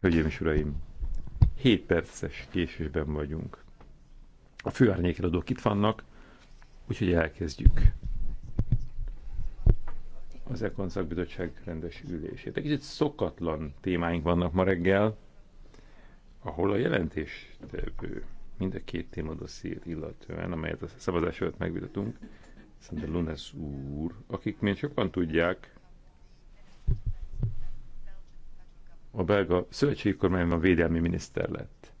Hölgyeim és uraim, 7 perces késésben vagyunk. A főárnyékeladók itt vannak, úgyhogy elkezdjük az Ekon szakbizottság rendes ülését. Egy kicsit szokatlan témáink vannak ma reggel, ahol a jelentéstevő mind a két témadossziét illetően, amelyet a szavazás előtt megvitatunk, szerintem Lunes úr, akik még sokan tudják, a belga szövetségi kormányban védelmi miniszter lett.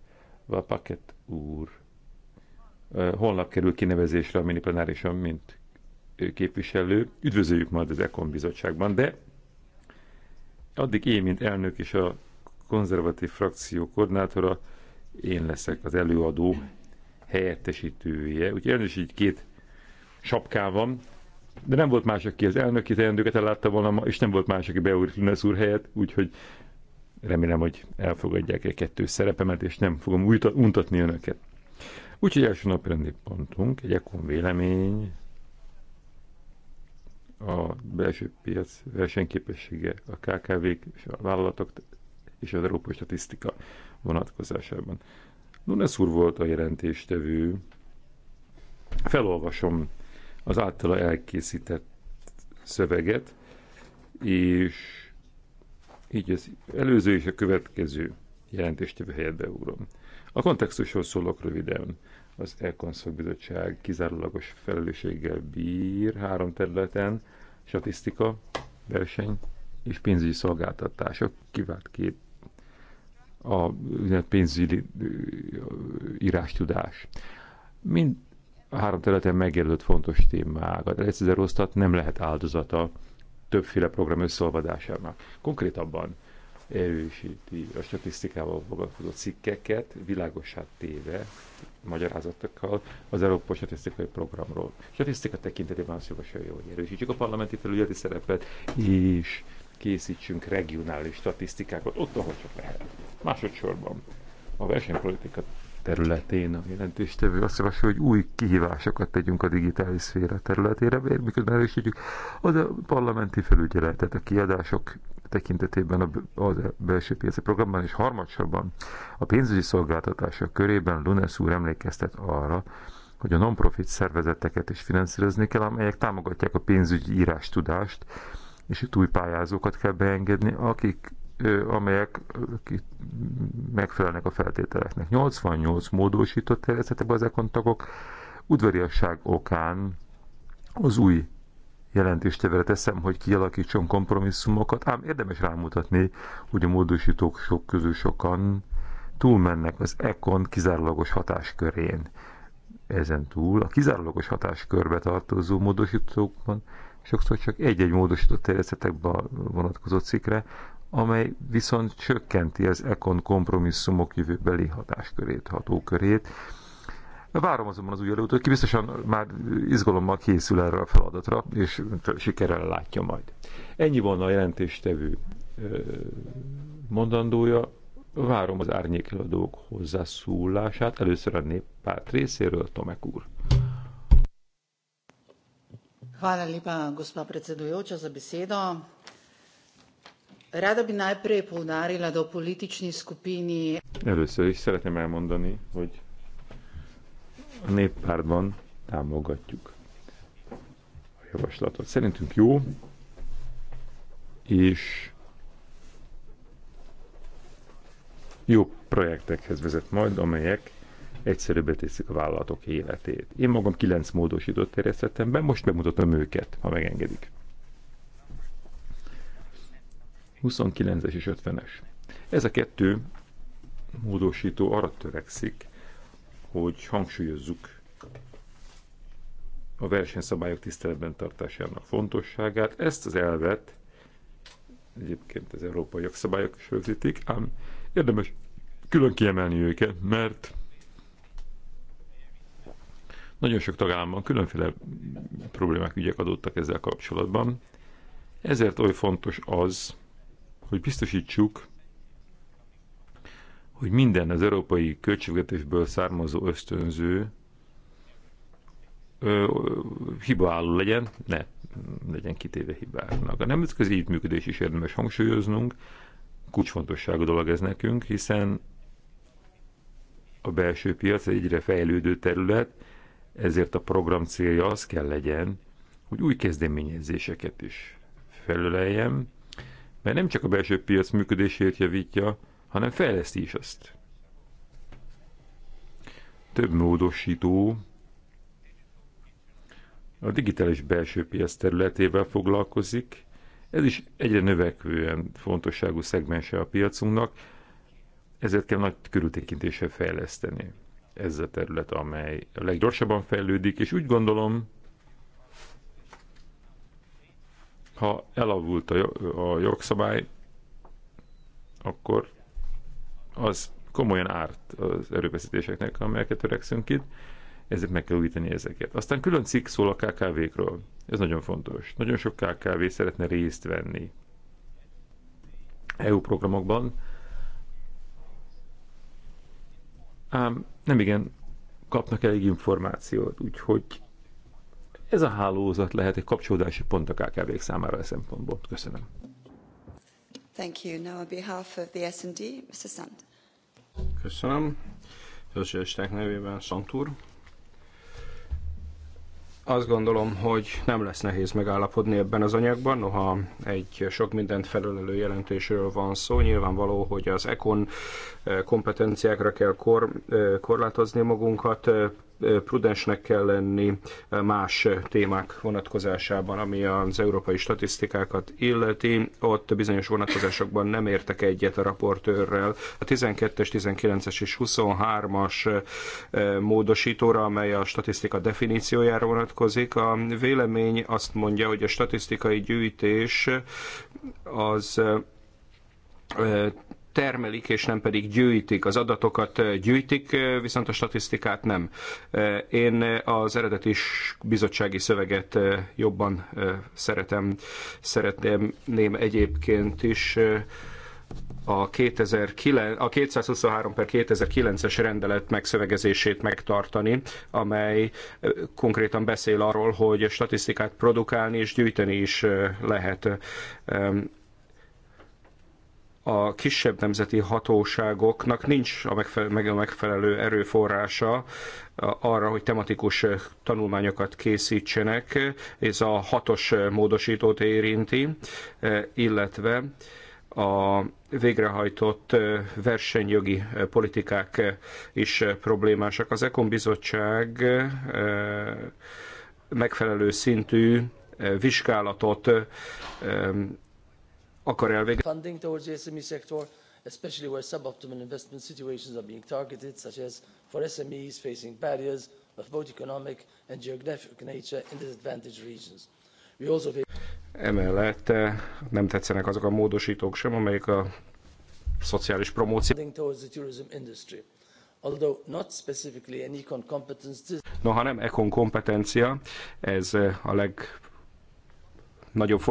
Vapaket úr. Holnap kerül kinevezésre a miniplenárison, mint képviselő. Üdvözöljük majd az Ekon bizottságban, de addig én, mint elnök és a konzervatív frakció koordinátora, én leszek az előadó helyettesítője. Úgyhogy elnök így két sapkám van, de nem volt más, aki az elnöki teendőket ellátta volna, és nem volt más, aki beúrt Lunes úr helyett, úgyhogy Remélem, hogy elfogadják egy kettő szerepemet, és nem fogom újta, untatni önöket. Úgyhogy első naprendi pontunk, egy ekon vélemény, a belső piac versenyképessége, a kkv és a vállalatok és az európai statisztika vonatkozásában. Nunes úr volt a jelentéstevő. Felolvasom az általa elkészített szöveget, és így az előző és a következő jelentéstevő helyet beúrom. A kontextusról szólok röviden. Az Elkonszol Bizottság kizárólagos felelősséggel bír három területen, statisztika, verseny és pénzügyi szolgáltatások, kivált kép a pénzügyi írástudás. Mind a három területen megjelölt fontos témákat. Egyszerűen osztat nem lehet áldozata többféle program összeolvadásának. Konkrétabban erősíti a statisztikával foglalkozó cikkeket, világosá téve magyarázatokkal az Európai Statisztikai Programról. Statisztika tekintetében azt javasolja, hogy erősítsük a parlamenti felügyeleti szerepet, és készítsünk regionális statisztikákat ott, ahol csak lehet. Másodszorban a versenypolitika területén a jelentéstevő azt javasolja, hogy új kihívásokat tegyünk a digitális szféra területére, miközben erősítjük az a parlamenti felügyeletet, a kiadások tekintetében a, e- belső piaci programban, és harmadsorban a pénzügyi szolgáltatások körében Lunes úr emlékeztet arra, hogy a non-profit szervezeteket is finanszírozni kell, amelyek támogatják a pénzügyi tudást és itt új pályázókat kell beengedni, akik amelyek megfelelnek a feltételeknek. 88 módosított terjesztettek be az tagok, udvariasság okán az új jelentéstevőre teszem, hogy kialakítson kompromisszumokat, ám érdemes rámutatni, hogy a módosítók sok közül sokan túlmennek az EKON kizárólagos hatáskörén. Ezen túl a kizárólagos hatáskörbe tartozó módosítókban sokszor csak egy-egy módosított terjesztetek vonatkozó cikkre, amely viszont csökkenti az ekon kompromisszumok jövőbeli hatáskörét, hatókörét. Várom azonban az új előtt, hogy biztosan már izgalommal készül erre a feladatra, és sikerrel látja majd. Ennyi volna a jelentéstevő mondandója. Várom az árnyékeladók hozzászólását. Először a néppárt részéről, Tomek úr. Hvala lepa, gospa predsedujoča, za besedo. Rada bi najprej poudarila, da v politični skupini... Először is szeretném elmondani, hogy a néppártban támogatjuk a javaslatot. Szerintünk jó, és jó projektekhez vezet majd, amelyek egyszerűbbé teszik a vállalatok életét. Én magam kilenc módosított terjesztettem be, most bemutatom őket, ha megengedik. 29-es és 50-es. Ez a kettő módosító arra törekszik, hogy hangsúlyozzuk a versenyszabályok tiszteletben tartásának fontosságát. Ezt az elvet egyébként az európai jogszabályok is rögzítik, ám érdemes külön kiemelni őket, mert nagyon sok tagállamban különféle problémák, ügyek adottak ezzel kapcsolatban. Ezért oly fontos az, hogy biztosítsuk, hogy minden az európai költségvetésből származó ösztönző hibaálló legyen, ne legyen kitéve hibáknak. A nemzetközi együttműködés is érdemes hangsúlyoznunk, kulcsfontosságú dolog ez nekünk, hiszen a belső piac egyre fejlődő terület, ezért a program célja az kell legyen, hogy új kezdeményezéseket is felöleljem, mert nem csak a belső piac működését javítja, hanem fejleszti is azt. Több módosító a digitális belső piac területével foglalkozik, ez is egyre növekvően fontosságú szegmense a piacunknak, ezért kell nagy körültekintéssel fejleszteni ez a terület, amely a leggyorsabban fejlődik, és úgy gondolom, ha elavult a jogszabály, akkor az komolyan árt az erőfeszítéseknek, amelyeket törekszünk itt, ezért meg kell újítani ezeket. Aztán külön cikk szól a KKV-kről. Ez nagyon fontos. Nagyon sok KKV szeretne részt venni EU programokban, ám nem igen kapnak elég információt, úgyhogy ez a hálózat lehet egy kapcsolódási pont a kkv számára a e szempontból. Köszönöm. Thank you. Now on behalf of the S&D, Mr. Sand. Köszönöm. Szocialisták nevében Santur. Azt gondolom, hogy nem lesz nehéz megállapodni ebben az anyagban, noha egy sok mindent felölelő jelentésről van szó. Nyilvánvaló, hogy az ECON eh, kompetenciákra kell kor, eh, korlátozni magunkat, eh, prudensnek kell lenni más témák vonatkozásában, ami az európai statisztikákat illeti. Ott bizonyos vonatkozásokban nem értek egyet a raportőrrel. A 12-es, 19-es és 23-as eh, módosítóra, amely a statisztika definíciójára vonatkozik. A vélemény azt mondja, hogy a statisztikai gyűjtés az eh, termelik, és nem pedig gyűjtik. Az adatokat eh, gyűjtik, eh, viszont a statisztikát nem. Eh, én az eredeti bizottsági szöveget jobban szeretem. Szeretném egyébként is a, 2009, a 223 per 2009-es rendelet megszövegezését megtartani, amely konkrétan beszél arról, hogy statisztikát produkálni és gyűjteni is lehet a kisebb nemzeti hatóságoknak nincs a megfelelő, megfelelő erőforrása arra, hogy tematikus tanulmányokat készítsenek. Ez a hatos módosítót érinti, illetve a végrehajtott versenyjogi politikák is problémásak. Az Ekon Bizottság e, megfelelő szintű vizsgálatot e, akar elvégezni. E economic Emellett nem tetszenek azok a módosítók sem, amelyek a szociális promóció. Noha nem ekon kompetencia, ez eh, a leg nagyobb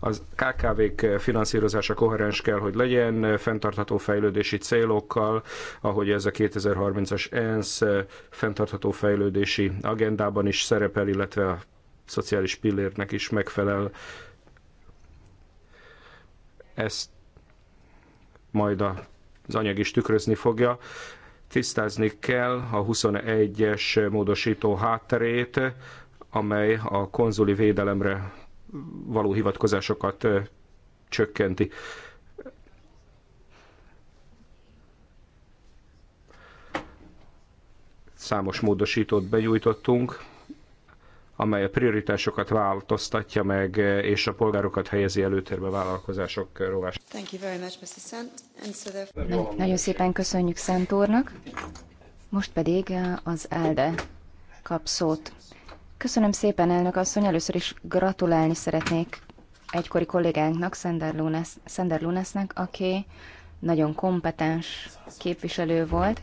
Az KKV-k finanszírozása koherens kell, hogy legyen, fenntartható fejlődési célokkal, ahogy ez a 2030-as ENSZ fenntartható fejlődési agendában is szerepel, illetve a szociális pillérnek is megfelel. Ezt majd az anyag is tükrözni fogja. Tisztázni kell a 21-es módosító hátterét, amely a konzuli védelemre való hivatkozásokat csökkenti. Számos módosítót benyújtottunk amely a prioritásokat változtatja meg, és a polgárokat helyezi előtérbe vállalkozások rovás. Nagyon szépen köszönjük Szent úrnak. Most pedig az ELDE kap szót. Köszönöm szépen, elnök asszony. Először is gratulálni szeretnék egykori kollégánknak, Szender, Szender Lunesnek, aki nagyon kompetens képviselő volt,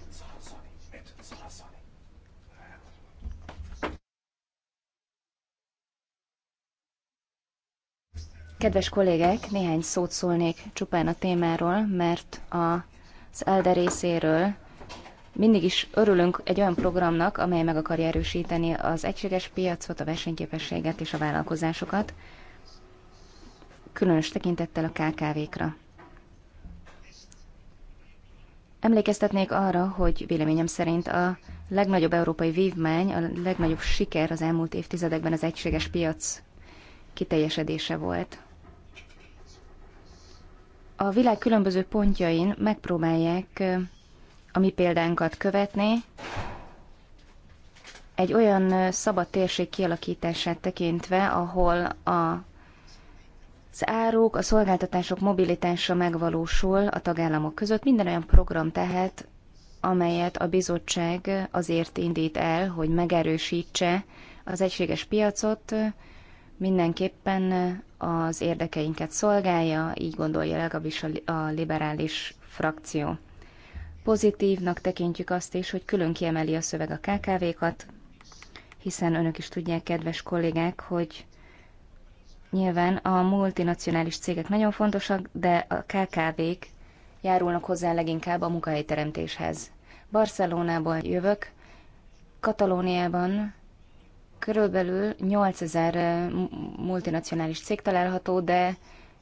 Kedves kollégek, néhány szót szólnék csupán a témáról, mert az ELDE részéről mindig is örülünk egy olyan programnak, amely meg akarja erősíteni az egységes piacot, a versenyképességet és a vállalkozásokat, különös tekintettel a KKV-kra. Emlékeztetnék arra, hogy véleményem szerint a legnagyobb európai vívmány, a legnagyobb siker az elmúlt évtizedekben az egységes piac kiteljesedése volt a világ különböző pontjain megpróbálják a mi példánkat követni, egy olyan szabad térség kialakítását tekintve, ahol a az áruk, a szolgáltatások mobilitása megvalósul a tagállamok között. Minden olyan program tehát, amelyet a bizottság azért indít el, hogy megerősítse az egységes piacot, mindenképpen az érdekeinket szolgálja, így gondolja legalábbis a liberális frakció. Pozitívnak tekintjük azt is, hogy külön kiemeli a szöveg a KKV-kat, hiszen önök is tudják, kedves kollégák, hogy nyilván a multinacionális cégek nagyon fontosak, de a KKV-k járulnak hozzá leginkább a munkahelyteremtéshez. Barcelonából jövök, Katalóniában Körülbelül 8000 eh, multinacionális cég található, de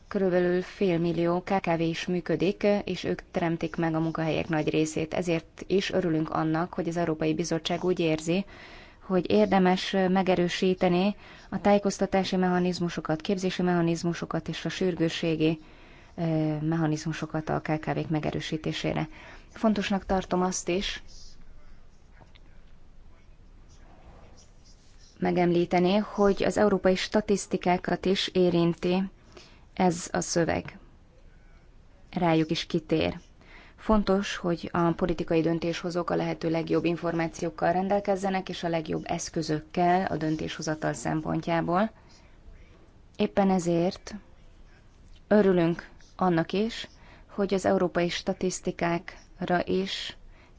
körülbelül fél millió KKV is működik, eh, és ők teremtik meg a munkahelyek nagy részét. Ezért is örülünk annak, hogy az Európai Bizottság úgy érzi, hogy érdemes eh, megerősíteni a tájékoztatási mechanizmusokat, képzési mechanizmusokat és a sürgőségi mechanizmusokat a KKV-k megerősítésére. Fontosnak tartom azt is, megemlíteni, hogy az európai statisztikákat is érinti ez a szöveg. Rájuk is kitér. Fontos, hogy a politikai döntéshozók a lehető legjobb információkkal rendelkezzenek, és a legjobb eszközökkel a döntéshozatal szempontjából. Éppen ezért örülünk annak is, hogy az európai statisztikákra is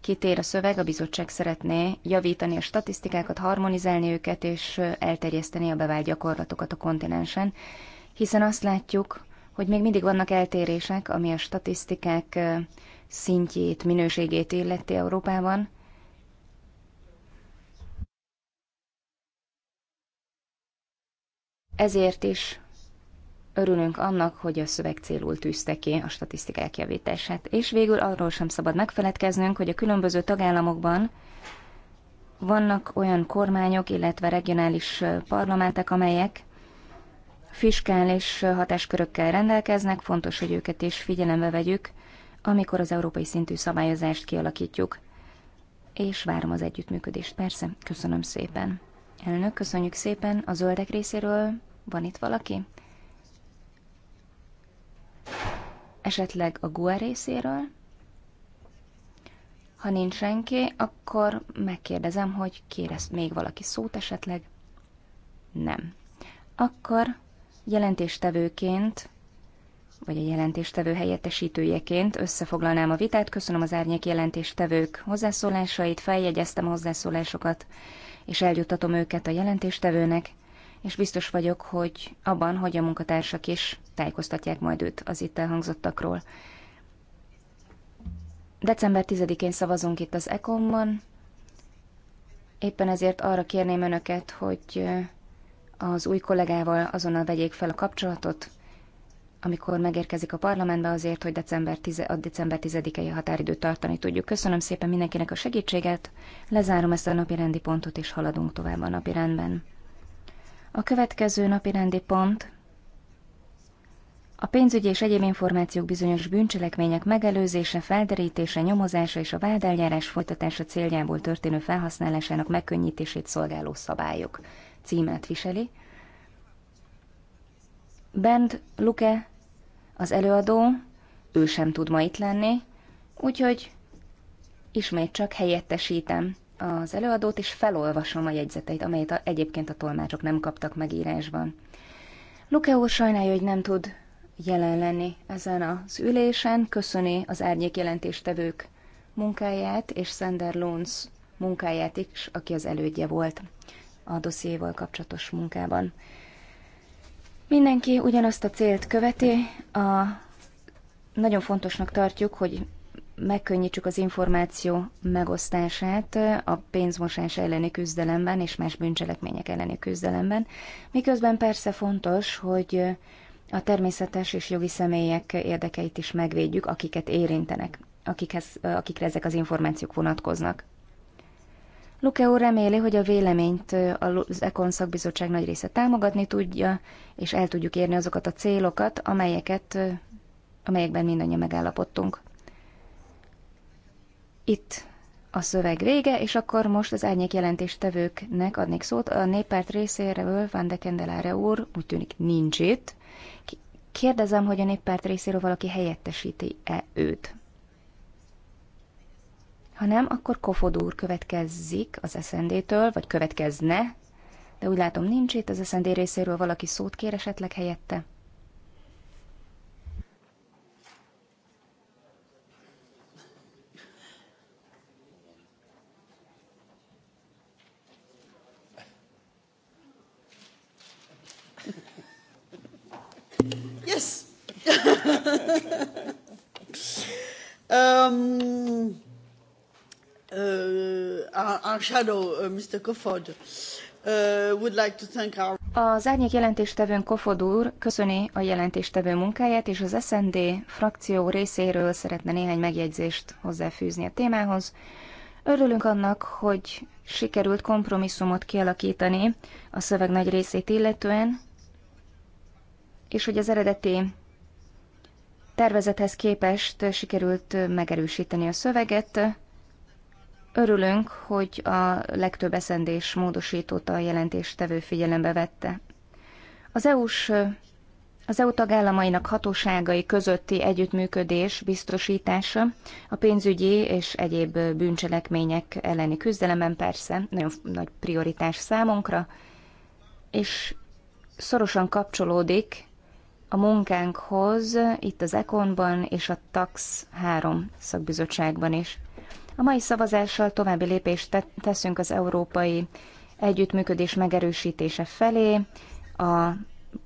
kitér a szöveg, a bizottság szeretné javítani a statisztikákat, harmonizálni őket és elterjeszteni a bevált gyakorlatokat a kontinensen, hiszen azt látjuk, hogy még mindig vannak eltérések, ami a statisztikák szintjét, minőségét illeti Európában. Ezért is Örülünk annak, hogy a szöveg célul tűzte ki a statisztikák javítását. És végül arról sem szabad megfeledkeznünk, hogy a különböző tagállamokban vannak olyan kormányok, illetve regionális parlamentek, amelyek fiskális hatáskörökkel rendelkeznek, fontos, hogy őket is figyelembe vegyük, amikor az európai szintű szabályozást kialakítjuk. És várom az együttműködést, persze. Köszönöm szépen. Elnök, köszönjük szépen. A zöldek részéről van itt valaki? Esetleg a GUE részéről? Ha nincs senki, akkor megkérdezem, hogy kér még valaki szót esetleg? Nem. Akkor jelentéstevőként, vagy a jelentéstevő helyettesítőjeként összefoglalnám a vitát. Köszönöm az árnyék jelentéstevők hozzászólásait, feljegyeztem a hozzászólásokat, és eljuttatom őket a jelentéstevőnek és biztos vagyok, hogy abban, hogy a munkatársak is tájékoztatják majd őt az itt elhangzottakról. December 10-én szavazunk itt az ECOM-ban, éppen ezért arra kérném önöket, hogy az új kollégával azonnal vegyék fel a kapcsolatot, amikor megérkezik a parlamentbe azért, hogy december 10, a december 10-i határidőt tartani tudjuk. Köszönöm szépen mindenkinek a segítséget, lezárom ezt a napi rendi pontot, és haladunk tovább a napi rendben. A következő napi rendi pont a pénzügyi és egyéb információk bizonyos bűncselekmények megelőzése, felderítése, nyomozása és a vádeljárás folytatása céljából történő felhasználásának megkönnyítését szolgáló szabályok címet viseli. Bent Luke, az előadó, ő sem tud ma itt lenni, úgyhogy ismét csak helyettesítem az előadót, és felolvasom a jegyzeteit, amelyet a, egyébként a tolmácsok nem kaptak meg írásban. Luke úr sajnálja, hogy nem tud jelen lenni ezen az ülésen, köszöni az árnyék jelentéstevők munkáját, és Sander Lons munkáját is, aki az elődje volt a dossziéval kapcsolatos munkában. Mindenki ugyanazt a célt követi, a nagyon fontosnak tartjuk, hogy megkönnyítsük az információ megosztását a pénzmosás elleni küzdelemben és más bűncselekmények elleni küzdelemben, miközben persze fontos, hogy a természetes és jogi személyek érdekeit is megvédjük, akiket érintenek, akikhez, akikre ezek az információk vonatkoznak. Lukeó reméli, hogy a véleményt az Ekon szakbizottság nagy része támogatni tudja, és el tudjuk érni azokat a célokat, amelyeket, amelyekben mindannyian megállapodtunk. Itt a szöveg vége, és akkor most az árnyék jelentéstevőknek adnék szót. A néppárt részéről Van de Kendelare úr úgy tűnik nincs itt. Kérdezem, hogy a néppárt részéről valaki helyettesíti-e őt. Ha nem, akkor Kofod úr következzik az eszendétől, vagy következne, de úgy látom nincs itt, az eszendé részéről valaki szót kér esetleg helyette. Yes. um, uh, our, shadow, uh, Mr. Kofod, uh, would like to thank our az árnyék jelentéstevőn Kofod úr köszöni a jelentéstevő munkáját, és az SND frakció részéről szeretne néhány megjegyzést hozzáfűzni a témához. Örülünk annak, hogy sikerült kompromisszumot kialakítani a szöveg nagy részét illetően, és hogy az eredeti tervezethez képest sikerült megerősíteni a szöveget. Örülünk, hogy a legtöbb eszendés módosítót a jelentéstevő figyelembe vette. Az EU-s az EU tagállamainak hatóságai közötti együttműködés biztosítása a pénzügyi és egyéb bűncselekmények elleni küzdelemben persze nagyon nagy prioritás számunkra, és szorosan kapcsolódik a munkánkhoz itt az Ekonban és a TAX 3 szakbizottságban is. A mai szavazással további lépést teszünk az európai együttműködés megerősítése felé, a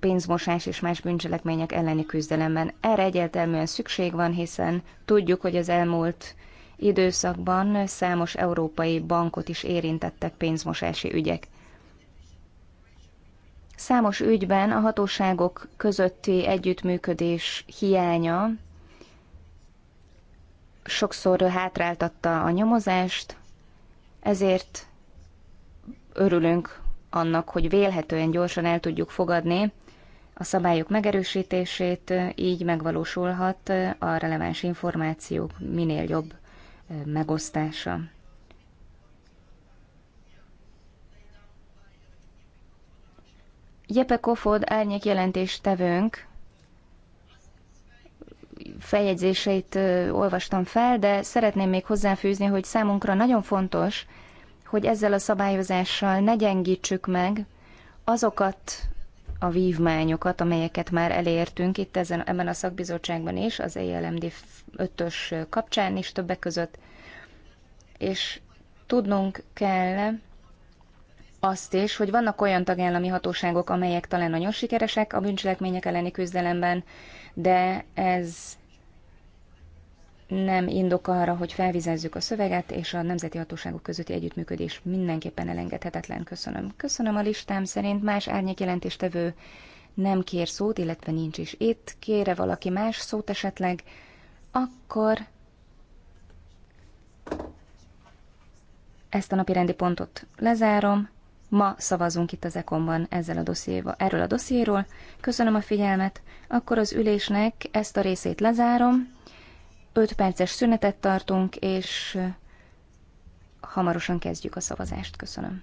pénzmosás és más bűncselekmények elleni küzdelemben. Erre egyértelműen szükség van, hiszen tudjuk, hogy az elmúlt időszakban számos európai bankot is érintettek pénzmosási ügyek. Számos ügyben a hatóságok közötti együttműködés hiánya sokszor hátráltatta a nyomozást, ezért örülünk annak, hogy vélhetően gyorsan el tudjuk fogadni a szabályok megerősítését, így megvalósulhat a releváns információk minél jobb megosztása. Jepe Kofod árnyék jelentéstevőnk feljegyzéseit olvastam fel, de szeretném még hozzáfűzni, hogy számunkra nagyon fontos, hogy ezzel a szabályozással ne gyengítsük meg azokat a vívmányokat, amelyeket már elértünk itt ezen, ebben a szakbizottságban is, az ELMD 5-ös kapcsán is többek között, és tudnunk kell, azt is, hogy vannak olyan tagállami hatóságok, amelyek talán nagyon sikeresek a bűncselekmények elleni küzdelemben, de ez nem indok arra, hogy felvizezzük a szöveget, és a nemzeti hatóságok közötti együttműködés mindenképpen elengedhetetlen. Köszönöm. Köszönöm a listám szerint. Más jelentéstevő nem kér szót, illetve nincs is itt. Kére valaki más szót esetleg, akkor ezt a napi rendi pontot lezárom. Ma szavazunk itt az Ekonban ezzel a dossziéval, erről a dossziéról. Köszönöm a figyelmet. Akkor az ülésnek ezt a részét lezárom. 5 perces szünetet tartunk, és hamarosan kezdjük a szavazást. Köszönöm.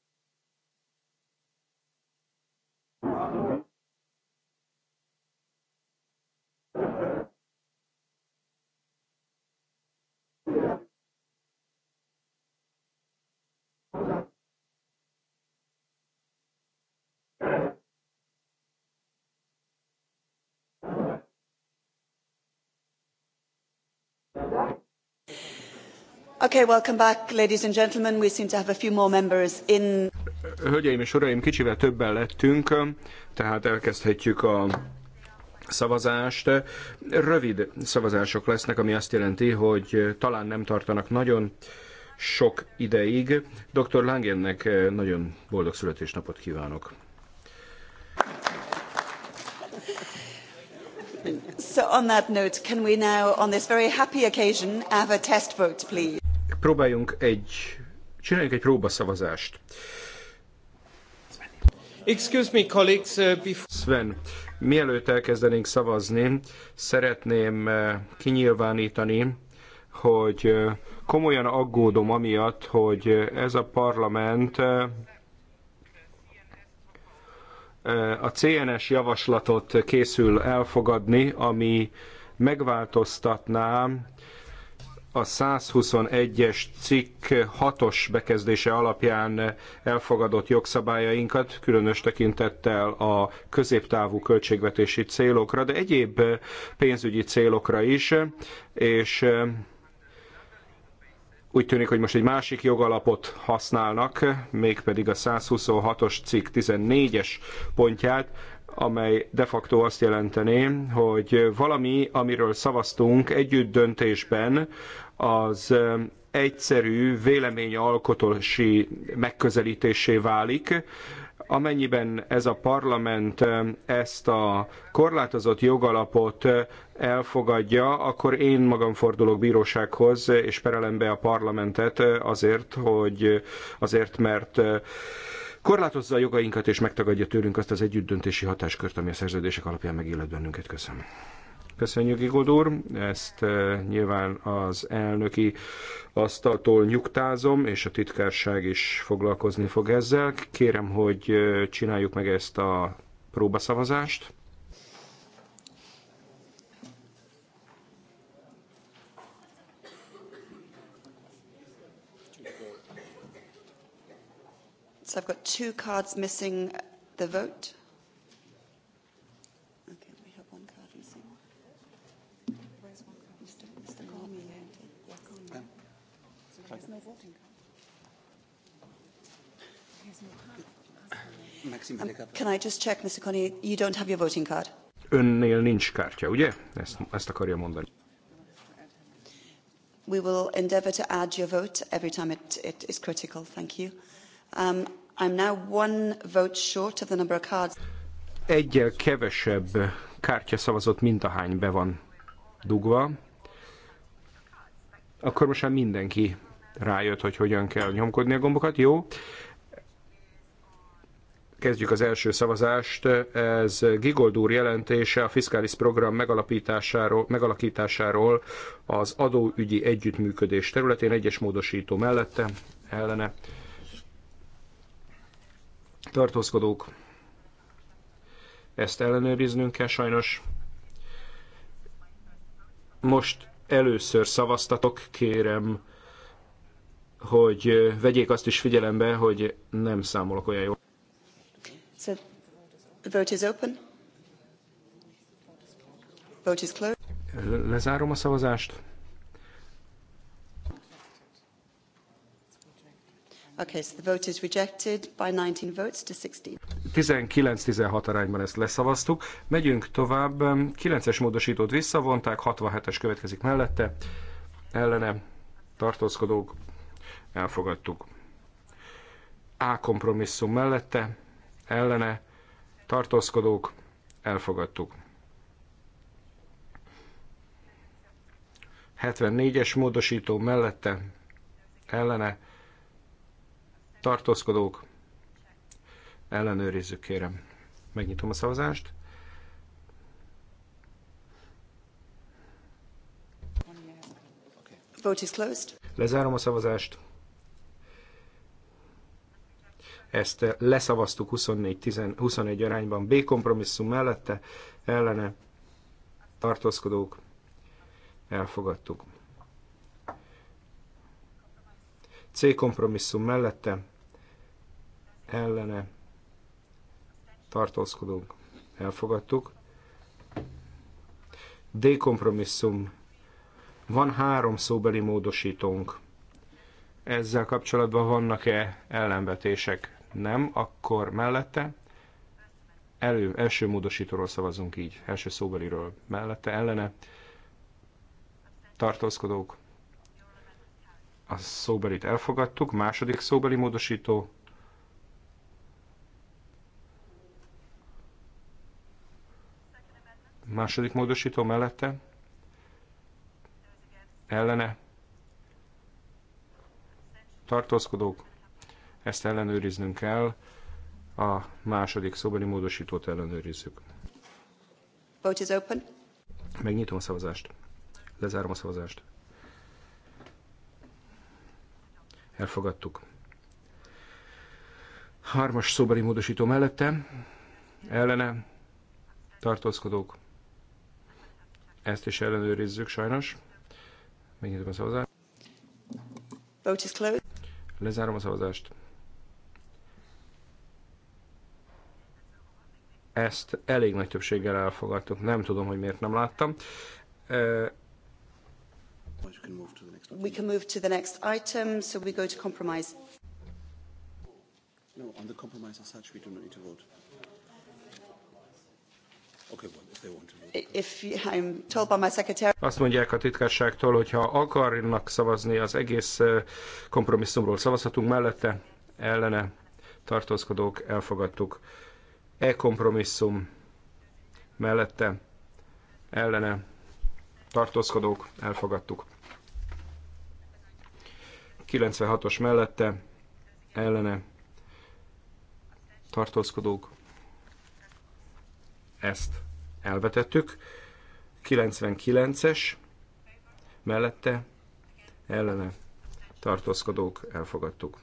Okay, welcome back, ladies and gentlemen. We seem to have a few more members in. Hölgyeim és uraim, kicsivel többen lettünk, tehát elkezdhetjük a szavazást. Rövid szavazások lesznek, ami azt jelenti, hogy talán nem tartanak nagyon sok ideig. Dr. Langennek nagyon boldog születésnapot kívánok. So on that note, can we now, on this very happy occasion, have a test vote, please? Próbáljunk egy, csináljunk egy próbaszavazást. Excuse me, colleagues, uh, before... Sven, mielőtt elkezdenénk szavazni, szeretném uh, kinyilvánítani, hogy uh, komolyan aggódom amiatt, hogy ez a parlament a CNS javaslatot készül elfogadni, ami megváltoztatná a 121-es cikk 6-os bekezdése alapján elfogadott jogszabályainkat, különös tekintettel a középtávú költségvetési célokra, de egyéb pénzügyi célokra is, és eh, úgy tűnik, hogy most egy másik jogalapot használnak, mégpedig a 126-os cikk 14-es pontját, amely de facto azt jelenteni, hogy valami, amiről szavaztunk együtt döntésben, az um, egyszerű véleményalkotósi megközelítésé válik, amennyiben ez a parlament um, ezt a korlátozott jogalapot um, elfogadja, akkor én magam fordulok bírósághoz, és perelembe a parlamentet azért, hogy azért, mert korlátozza a jogainkat és megtagadja tőlünk azt az együttdöntési hatáskört, ami a szerződések alapján megillet bennünket. Köszönöm. Köszönjük, Igod úr. Ezt eh, nyilván az elnöki asztaltól nyugtázom, és a titkárság is foglalkozni fog ezzel. Kérem, hogy eh, csináljuk meg ezt a próbaszavazást. So I've got two cards missing uh, the vote. Can I just check, Mr. Connie, you don't have your voting card? Önnél nincs kártya, ugye? Ezt, ezt akarja mondani. We will endeavour to add your vote every time it, it is critical. Thank you. Um, I'm now one vote short of the number of cards. Egyel kevesebb kártya szavazott, mint ahány be van dugva. Akkor most már mindenki rájött, hogy hogyan kell nyomkodni a gombokat. Jó. Kezdjük az első szavazást. Ez Gigold úr jelentése a fiskális program megalapításáról, megalakításáról az adóügyi együttműködés területén egyes módosító mellette ellene tartózkodók. Ezt ellenőriznünk kell sajnos. Most először szavaztatok, kérem, hogy vegyék azt is figyelembe, hogy nem számolok olyan jól. So, the vote is open. Vote is closed. Lezárom a szavazást. Okay, so the vote is rejected by 19 votes to 16. 19-16 arányban ezt leszavaztuk. Megyünk tovább. 9-es módosítót visszavonták, 67-es következik mellette. Ellene tartózkodók elfogadtuk. A kompromisszum mellette, ellene tartózkodók elfogadtuk. 74-es módosító mellette, ellene tartózkodók, ellenőrizzük kérem. Megnyitom a szavazást. Vote is closed. Lezárom a szavazást. Ezt leszavaztuk 24-21 arányban. B kompromisszum mellette ellene tartózkodók elfogadtuk. C kompromisszum mellette ellene tartózkodunk, elfogadtuk. D kompromisszum. Van három szóbeli módosítónk. Ezzel kapcsolatban vannak-e ellenvetések? Nem, akkor mellette elő, első módosítóról szavazunk így, első szóbeliről mellette, ellene tartózkodók. A szóbelit elfogadtuk, második szóbeli módosító Második módosító mellette. Ellene. Tartózkodók. Ezt ellenőriznünk kell. A második szóbeli módosítót ellenőrizzük. Vote is open. Megnyitom a szavazást. Lezárom a szavazást. Elfogadtuk. Hármas szóbeli módosító mellette. Ellene. Tartózkodók ezt is ellenőrizzük sajnos. Megnyitom a szavazást. Vote is closed. Lezárom a szavazást. Ezt elég nagy többséggel elfogadtuk. Nem tudom, hogy miért nem láttam. We can move to the next item, so we go to compromise. No, on the compromise as such, we do not need to vote. Azt mondják a titkárságtól, hogy ha akarnak szavazni az egész kompromisszumról, szavazhatunk mellette, ellene tartózkodók, elfogadtuk. E kompromisszum mellette, ellene tartózkodók, elfogadtuk. 96-os mellette, ellene tartózkodók, ezt elvetettük. 99-es mellette ellene tartózkodók elfogadtuk.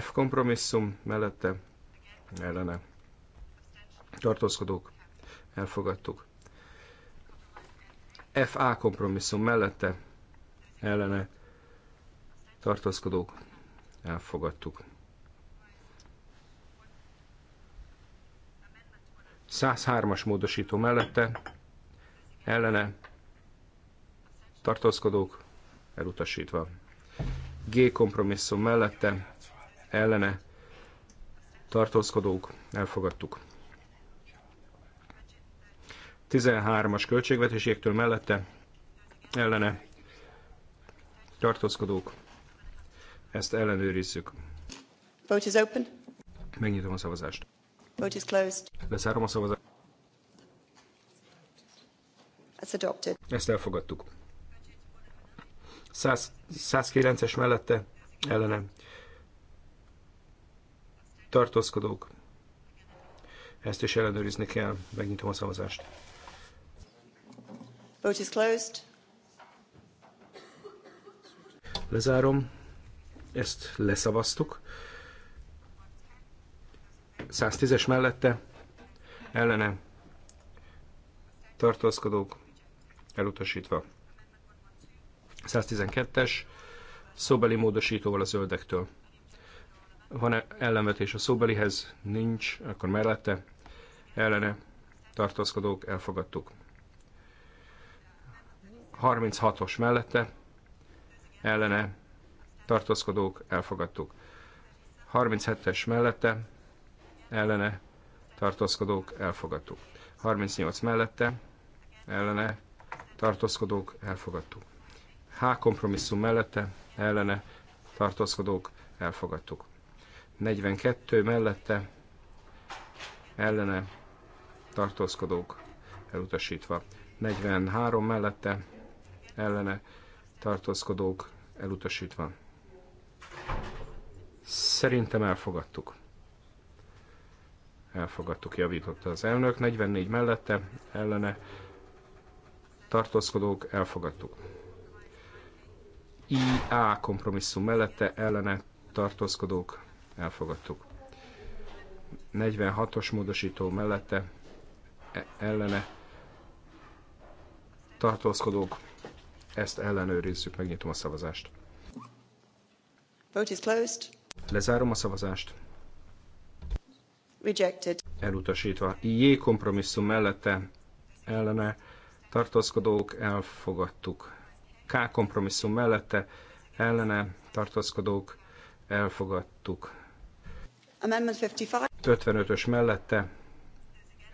F kompromisszum mellette ellene tartózkodók elfogadtuk. FA kompromisszum mellette ellene tartózkodók elfogadtuk. 103-as módosító mellette, ellene, tartózkodók, elutasítva. G kompromisszum mellette, ellene, tartózkodók, elfogadtuk. 13-as költségvetésiektől mellette, ellene, tartózkodók, ezt ellenőrizzük. Vote is open. Megnyitom a szavazást. Vote is closed. Lezárom a szavazást. That's adopted. Ezt elfogadtuk. 109-es mellette ellenem. Tartózkodók. Ezt is ellenőrizni kell. Megnyitom a szavazást. Vote is closed. Lezárom. Ezt leszavaztuk. 110-es mellette ellene tartózkodók elutasítva. 112-es szóbeli módosítóval a zöldektől. Van-e ellenvetés a szóbelihez? Nincs, akkor mellette ellene tartózkodók elfogadtuk. 36-os mellette ellene tartózkodók elfogadtuk. 37-es mellette ellene tartózkodók elfogadtuk. 38 mellette ellene tartózkodók elfogadtuk. H kompromisszum mellette ellene tartózkodók elfogadtuk. 42 mellette ellene tartózkodók elutasítva. 43 mellette ellene tartózkodók elutasítva. Szerintem elfogadtuk elfogadtuk, javította az elnök. 44 mellette, ellene tartózkodók, elfogadtuk. IA kompromisszum mellette, ellene tartózkodók, elfogadtuk. 46-os módosító mellette, e- ellene tartózkodók, ezt ellenőrizzük, megnyitom a szavazást. Vote is closed. Lezárom a szavazást rejected. Elutasítva. J kompromisszum mellette ellene tartózkodók elfogadtuk. K kompromisszum mellette ellene tartózkodók elfogadtuk. Amendment 55. 55-ös mellette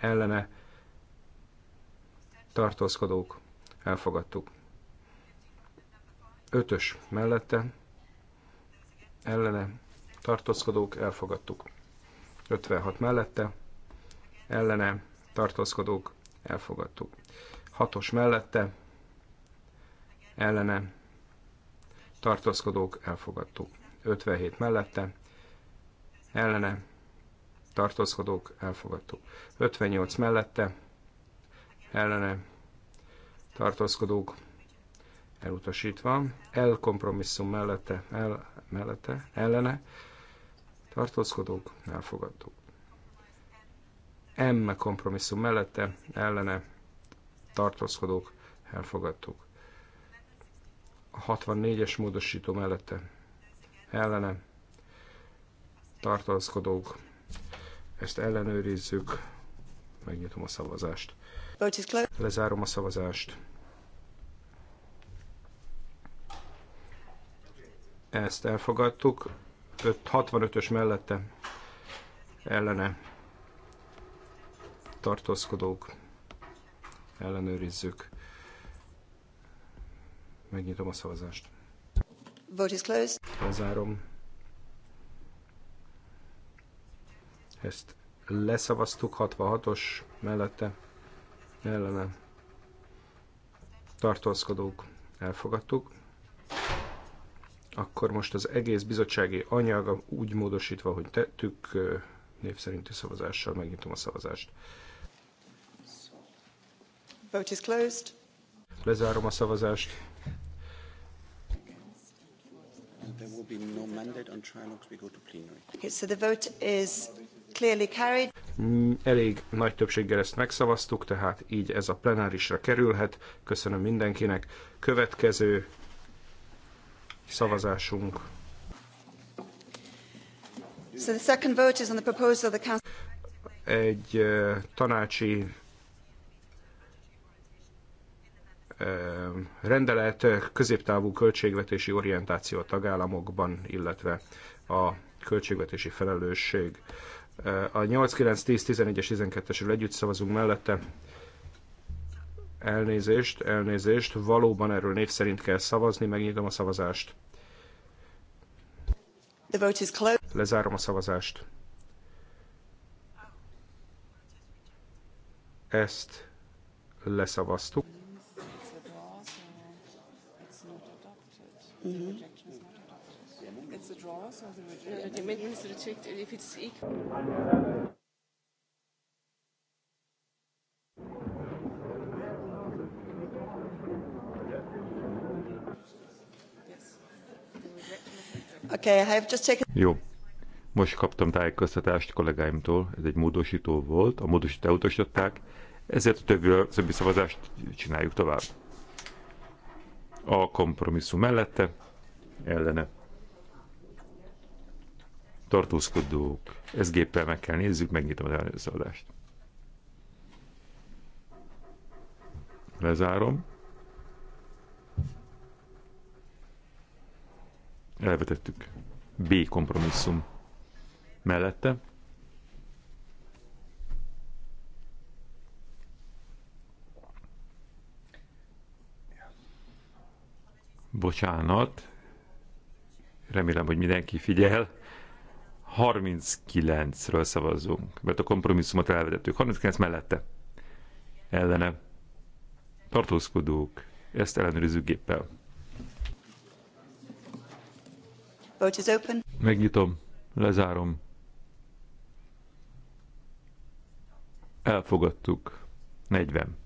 ellene tartózkodók elfogadtuk. 5-ös mellette ellene tartózkodók elfogadtuk. 56 mellette, ellene tartózkodók elfogadtuk. 6-os mellette, ellene tartózkodók elfogadtuk. 57 mellette, ellene tartózkodók elfogadtuk. 58 mellette, ellene tartózkodók elutasítva, elkompromisszum mellette, el, mellette, ellene tartózkodók, elfogadtuk. M kompromisszum mellette, ellene, tartózkodók, elfogadtuk. 64-es módosító mellette, ellene, tartózkodók, ezt ellenőrizzük, megnyitom a szavazást. Lezárom a szavazást. Ezt elfogadtuk. 65-ös mellette ellene tartózkodók ellenőrizzük. Megnyitom a szavazást. Vote is closed. Lezárom. Ezt leszavaztuk 66-os mellette ellene tartózkodók elfogadtuk. Akkor most az egész bizottsági anyag úgy módosítva, hogy tettük, név szerinti szavazással megnyitom a szavazást. Vote is closed. Lezárom a szavazást. Mm, elég nagy többséggel ezt megszavaztuk, tehát így ez a plenárisra kerülhet. Köszönöm mindenkinek. Következő szavazásunk. Egy tanácsi rendelet középtávú költségvetési orientáció a tagállamokban, illetve a költségvetési felelősség. A 8, 9, 10, 11 és 12-esről együtt szavazunk mellette, Elnézést, elnézést, valóban erről név szerint kell szavazni, megnyitom a szavazást. The vote is Lezárom a szavazást. Ezt leszavaztuk. Mm-hmm. It's a draw, so the, the amendment is rejected if it's equal. Okay, I have just taken... Jó. Most kaptam tájékoztatást kollégáimtól, ez egy módosító volt, a módosítót elutasították, ezért a többi, többi szavazást csináljuk tovább. A kompromisszum mellette, ellene. Tartózkodók. Ez géppel meg kell nézzük, megnyitom az előszavazást. Lezárom. Elvetettük. B kompromisszum. Mellette. Bocsánat. Remélem, hogy mindenki figyel. 39-ről szavazzunk, mert a kompromisszumot elvetettük. 39 mellette. Ellene. Tartózkodók. Ezt ellenőrizzük géppel. is open. Megnyitom, lezárom. Elfogadtuk. 40.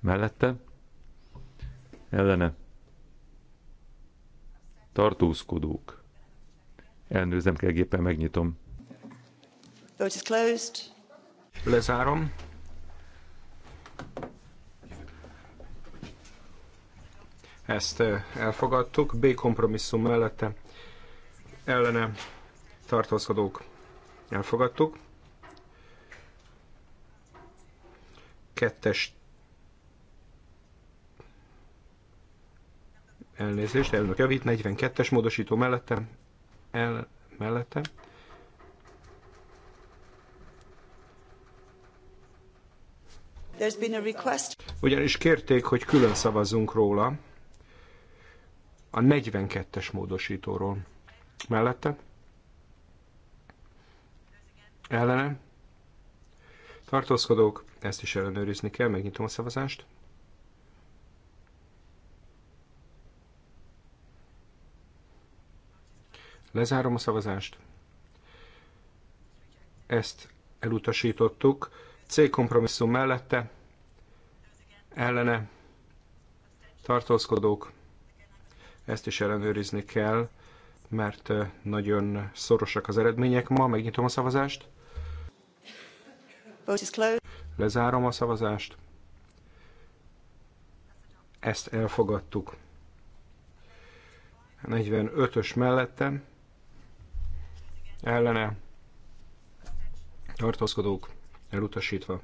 Mellette? Ellene? Tartózkodók. Elnőzem kell gépen, megnyitom. Vote is closed. Lezárom. Ezt eh, elfogadtuk. B kompromisszum mellette ellene tartózkodók elfogadtuk. Kettes elnézést, elnök javít, 42-es módosító mellette, el, mellette. been a request. Ugyanis kérték, hogy külön szavazzunk róla a 42-es módosítóról mellette, ellene, tartózkodók, ezt is ellenőrizni kell, megnyitom a szavazást. Lezárom a szavazást. Ezt elutasítottuk. C kompromisszum mellette, ellene, tartózkodók, ezt is ellenőrizni kell mert nagyon szorosak az eredmények ma. Megnyitom a szavazást. Lezárom a szavazást. Ezt elfogadtuk. 45-ös mellettem. Ellene. Tartózkodók elutasítva.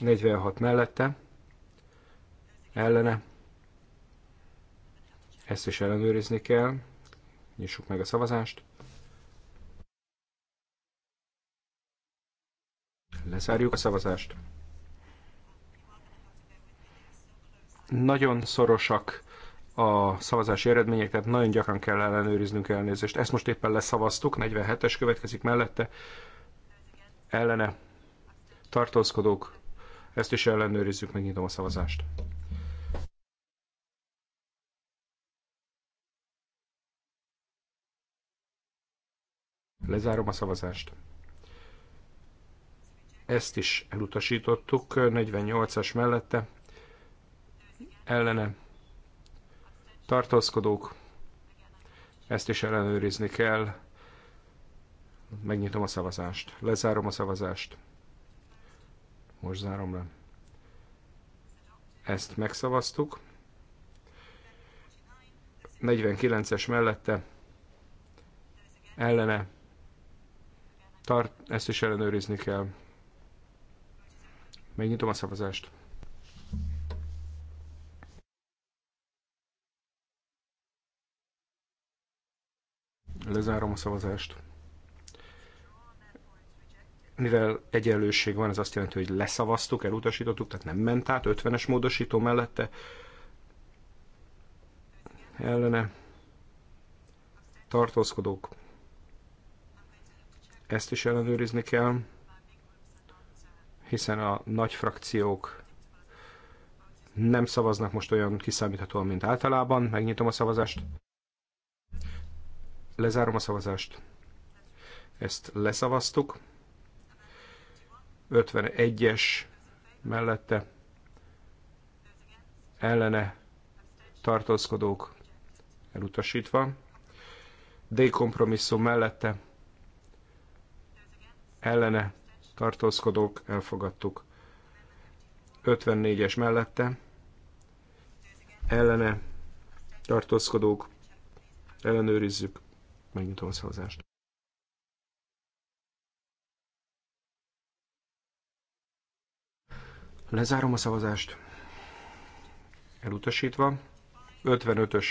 46 mellette. Ellene. Ezt is ellenőrizni kell. Nyissuk meg a szavazást. Lezárjuk a szavazást. Nagyon szorosak a szavazási eredmények, tehát nagyon gyakran kell ellenőriznünk elnézést. Ezt most éppen leszavaztuk, 47-es következik mellette. Ellene tartózkodók, ezt is ellenőrizzük, megnyitom a szavazást. Lezárom a szavazást. Ezt is elutasítottuk, 48-as mellette, ellene tartózkodók, ezt is ellenőrizni kell. Megnyitom a szavazást, lezárom a szavazást. Most zárom le. Ezt megszavaztuk. 49-es mellette ellene tart, ezt is ellenőrizni kell. Megnyitom a szavazást. Lezárom a szavazást. Mivel egyenlőség van, ez azt jelenti, hogy leszavaztuk, elutasítottuk, tehát nem ment át, 50-es módosító mellette ellene tartózkodók ezt is ellenőrizni kell, hiszen a nagy frakciók nem szavaznak most olyan kiszámíthatóan, mint általában. Megnyitom a szavazást. Lezárom a szavazást. Ezt leszavaztuk. 51-es mellette ellene tartózkodók elutasítva. D kompromisszum mellette ellene tartózkodók elfogadtuk. 54-es mellette ellene tartózkodók ellenőrizzük. Megnyitom a szavazást. Lezárom a szavazást. Elutasítva. 55-ös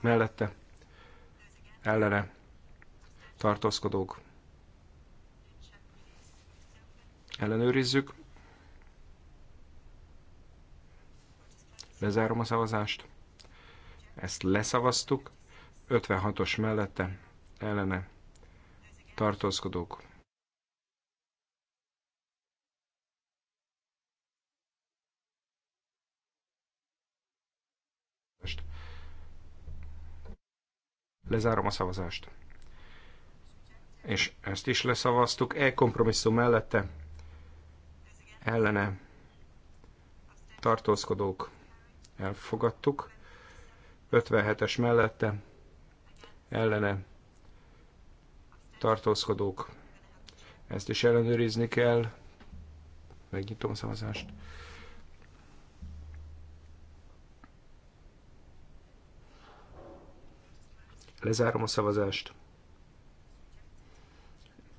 mellette ellene tartózkodók Ellenőrizzük. Lezárom a szavazást. Ezt leszavaztuk. 56-os mellette ellene tartózkodók. Lezárom a szavazást. És ezt is leszavaztuk. E kompromisszum mellette ellene tartózkodók elfogadtuk, 57-es mellette ellene tartózkodók. Ezt is ellenőrizni kell. Megnyitom a szavazást. Lezárom a szavazást.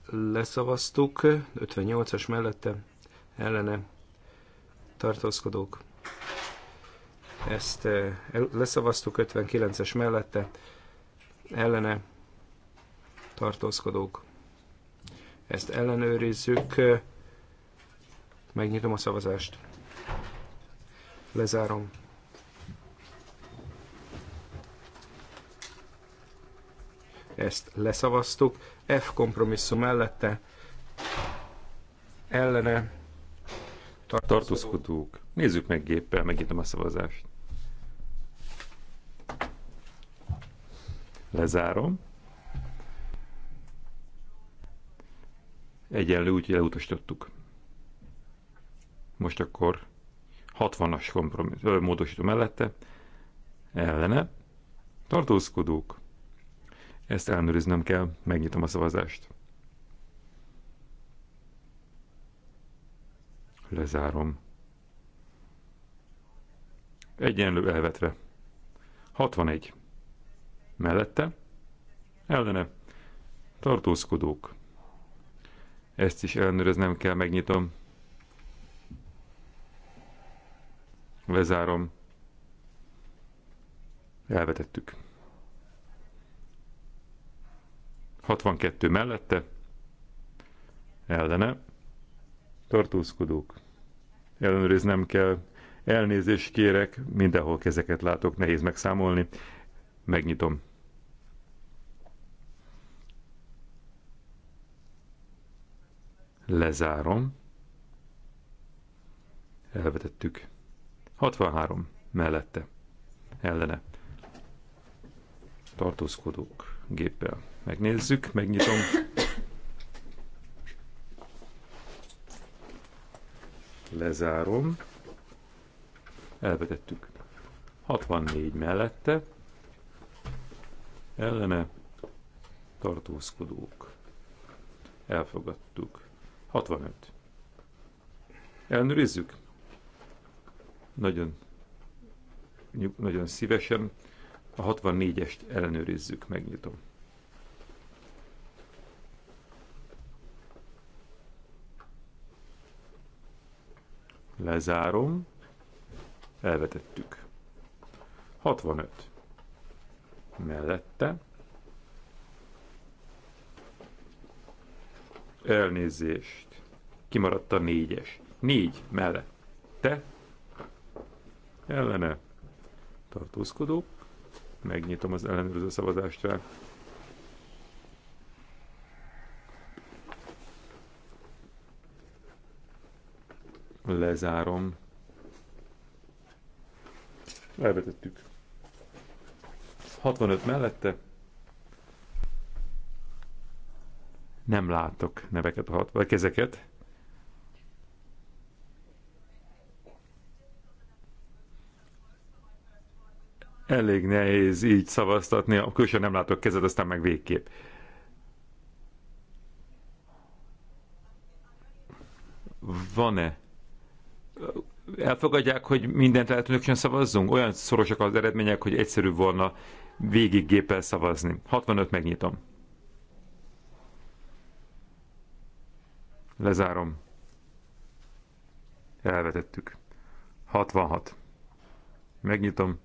Leszavaztuk, 58-as mellette ellene tartózkodók. Ezt eh, leszavaztuk 59-es mellette, ellene tartózkodók. Ezt ellenőrizzük, megnyitom a szavazást, lezárom. Ezt leszavaztuk, F kompromisszum mellette, ellene tartózkodók. Nézzük meg géppel, megnyitom a szavazást. Lezárom. Egyenlő, úgyhogy elutasítottuk. Most akkor 60-as módosító mellette ellene tartózkodók. Ezt ellenőriznem kell, megnyitom a szavazást. Lezárom. Egyenlő elvetre. 61. Mellette. Ellene. Tartózkodók. Ezt is ellenőröznem kell, megnyitom. Lezárom. Elvetettük. 62 mellette. Ellene. Tartózkodók ellenőriznem kell. Elnézést kérek, mindenhol kezeket látok, nehéz megszámolni. Megnyitom. Lezárom. Elvetettük. 63 mellette. Ellene. Tartózkodók géppel. Megnézzük, megnyitom. Lezárom. Elvetettük. 64 mellette. Ellene tartózkodók. Elfogadtuk. 65. Elnőrizzük. Nagyon, nagyon szívesen a 64-est ellenőrizzük, megnyitom. Lezárom. Elvetettük. 65. Mellette. Elnézést. Kimaradt a négyes. Négy mellette. Ellene. Tartózkodó. Megnyitom az ellenőrző szavazást fel. Lezárom. Elvetettük. 65 mellette. Nem látok neveket a hat, vagy kezeket. Elég nehéz így szavaztatni, a külső nem látok kezed, aztán meg végképp. Van-e elfogadják, hogy mindent lehetően szavazzunk? Olyan szorosak az eredmények, hogy egyszerűbb volna végig géppel szavazni. 65 megnyitom. Lezárom. Elvetettük. 66. Megnyitom.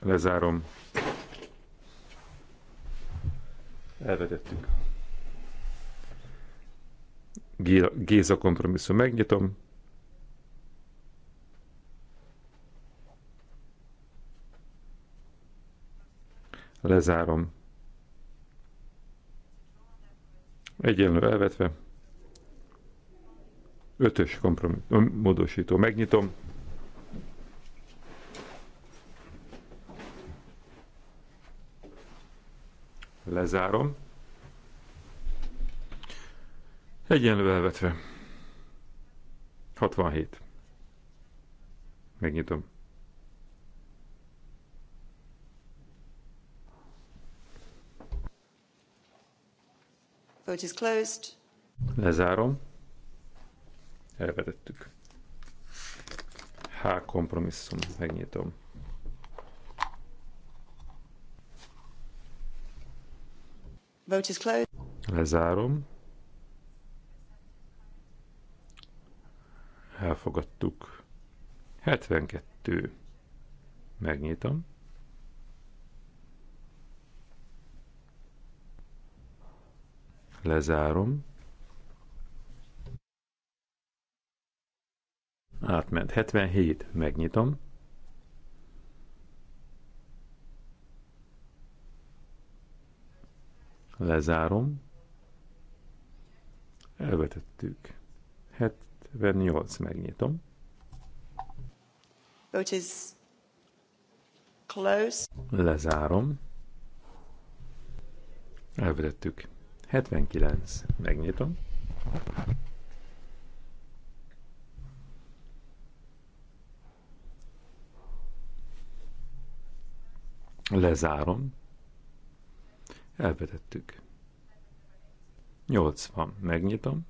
Lezárom. Elvetettük. Géza kompromisszum megnyitom. Lezárom. Egyenlő elvetve. Ötös kompromisszum módosító megnyitom. Lezárom. Egyenlő elvetve. 67. Megnyitom. Vote is closed. Lezárom. Elvetettük. H kompromisszum. Megnyitom. Vote is closed. Lezárom. Elfogadtuk. 72. Megnyitom. Lezárom. Átment 77, megnyitom. Lezárom. Elvetettük. 78 megnyitom. Which is close. Lezárom. Elvetettük. 79. Megnyitom. Lezárom. Elvetettük. 80. Megnyitom.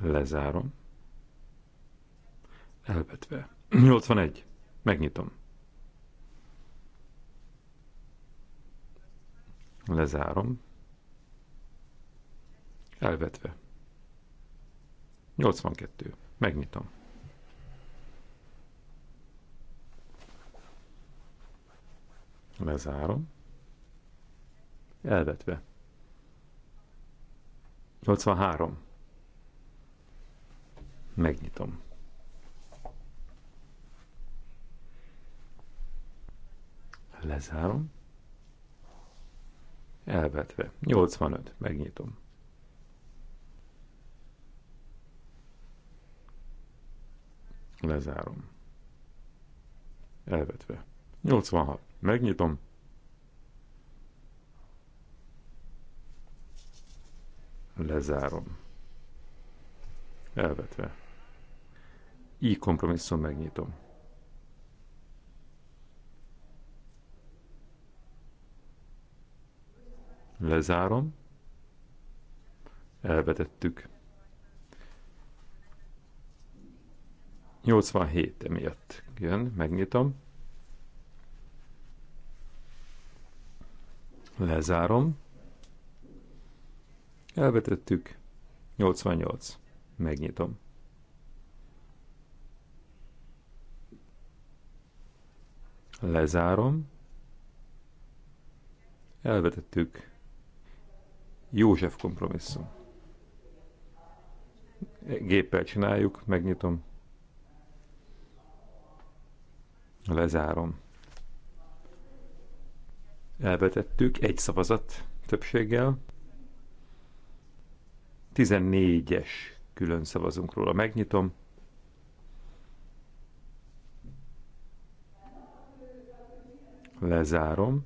Lezárom. Elvetve. 81. Megnyitom. Lezárom. Elvetve. 82. Megnyitom. Lezárom. Elvetve. 83. Megnyitom. Lezárom. Elvetve. 85. Megnyitom. Lezárom. Elvetve. 86. Megnyitom. Lezárom. Elvetve. Így kompromisszum megnyitom. Lezárom. Elvetettük. 87 emiatt. Igen, megnyitom. Lezárom. Elvetettük. 88. Megnyitom. Lezárom. Elvetettük. József kompromisszum. Géppel csináljuk, megnyitom. Lezárom elvetettük egy szavazat többséggel. 14-es külön szavazunk róla. Megnyitom. Lezárom.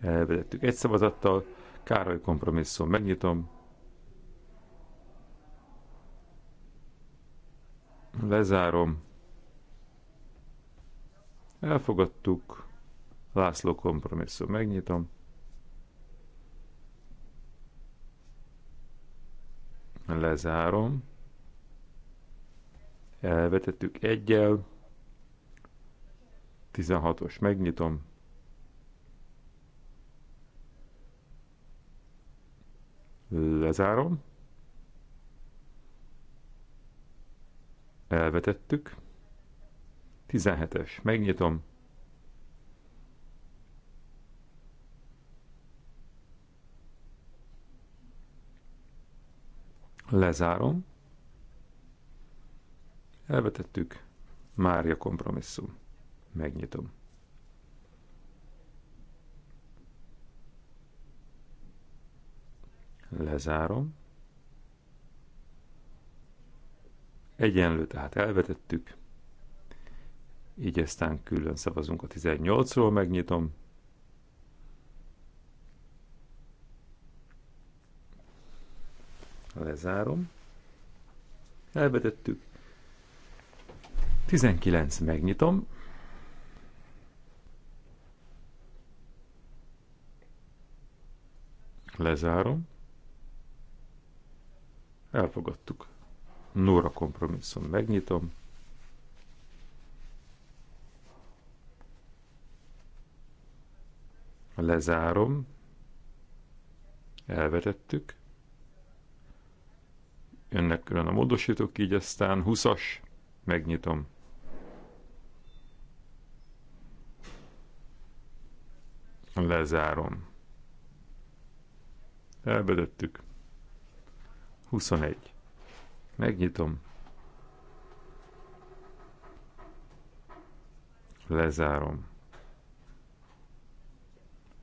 Elvetettük egy szavazattal. Károly kompromisszum. Megnyitom. Lezárom. Elfogadtuk. László kompromisszum. Megnyitom. Lezárom. Elvetettük egyel. 16-os. Megnyitom. Lezárom. Elvetettük. 17-es. Megnyitom. Lezárom. Elvetettük. Mária kompromisszum. Megnyitom. Lezárom. Egyenlő, tehát elvetettük. Így aztán külön szavazunk a 18-ról, megnyitom. Lezárom. Elvetettük. 19 megnyitom. Lezárom. Elfogadtuk. Nóra kompromisszum megnyitom. Lezárom. Elvetettük jönnek külön a módosítók, így aztán 20-as, megnyitom. Lezárom. Elbedettük. 21. Megnyitom. Lezárom.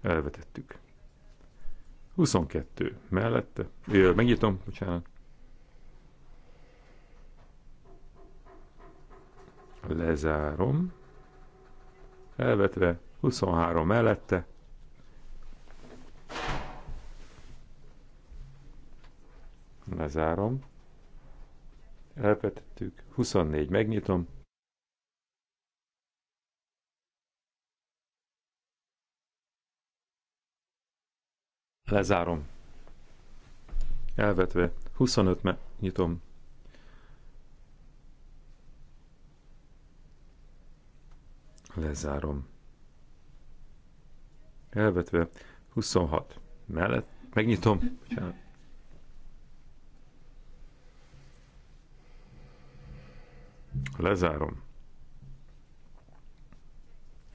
Elvetettük. 22. Mellette. Ö, megnyitom, bocsánat. Lezárom. Elvetve 23 mellette. Lezárom. Elvetettük. 24 megnyitom. Lezárom. Elvetve 25 megnyitom. Lezárom. Elvetve 26 mellett. Megnyitom. Bocsánat. Lezárom.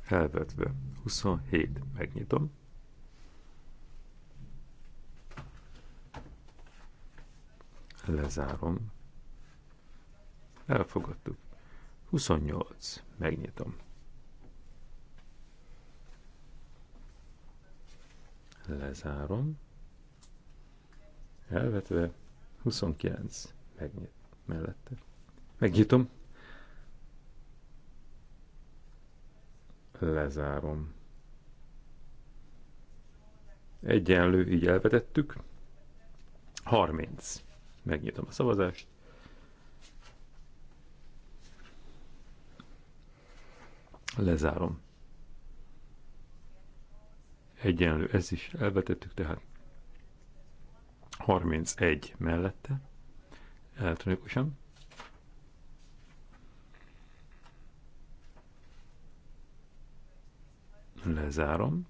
Elvetve 27. Megnyitom. Lezárom. Elfogadtuk. 28. Megnyitom. Lezárom. Elvetve 29 megnyit mellette. Megnyitom. Lezárom. Egyenlő, így elvetettük. 30. Megnyitom a szavazást. Lezárom egyenlő, ez is elvetettük, tehát 31 mellette, elektronikusan. Lezárom.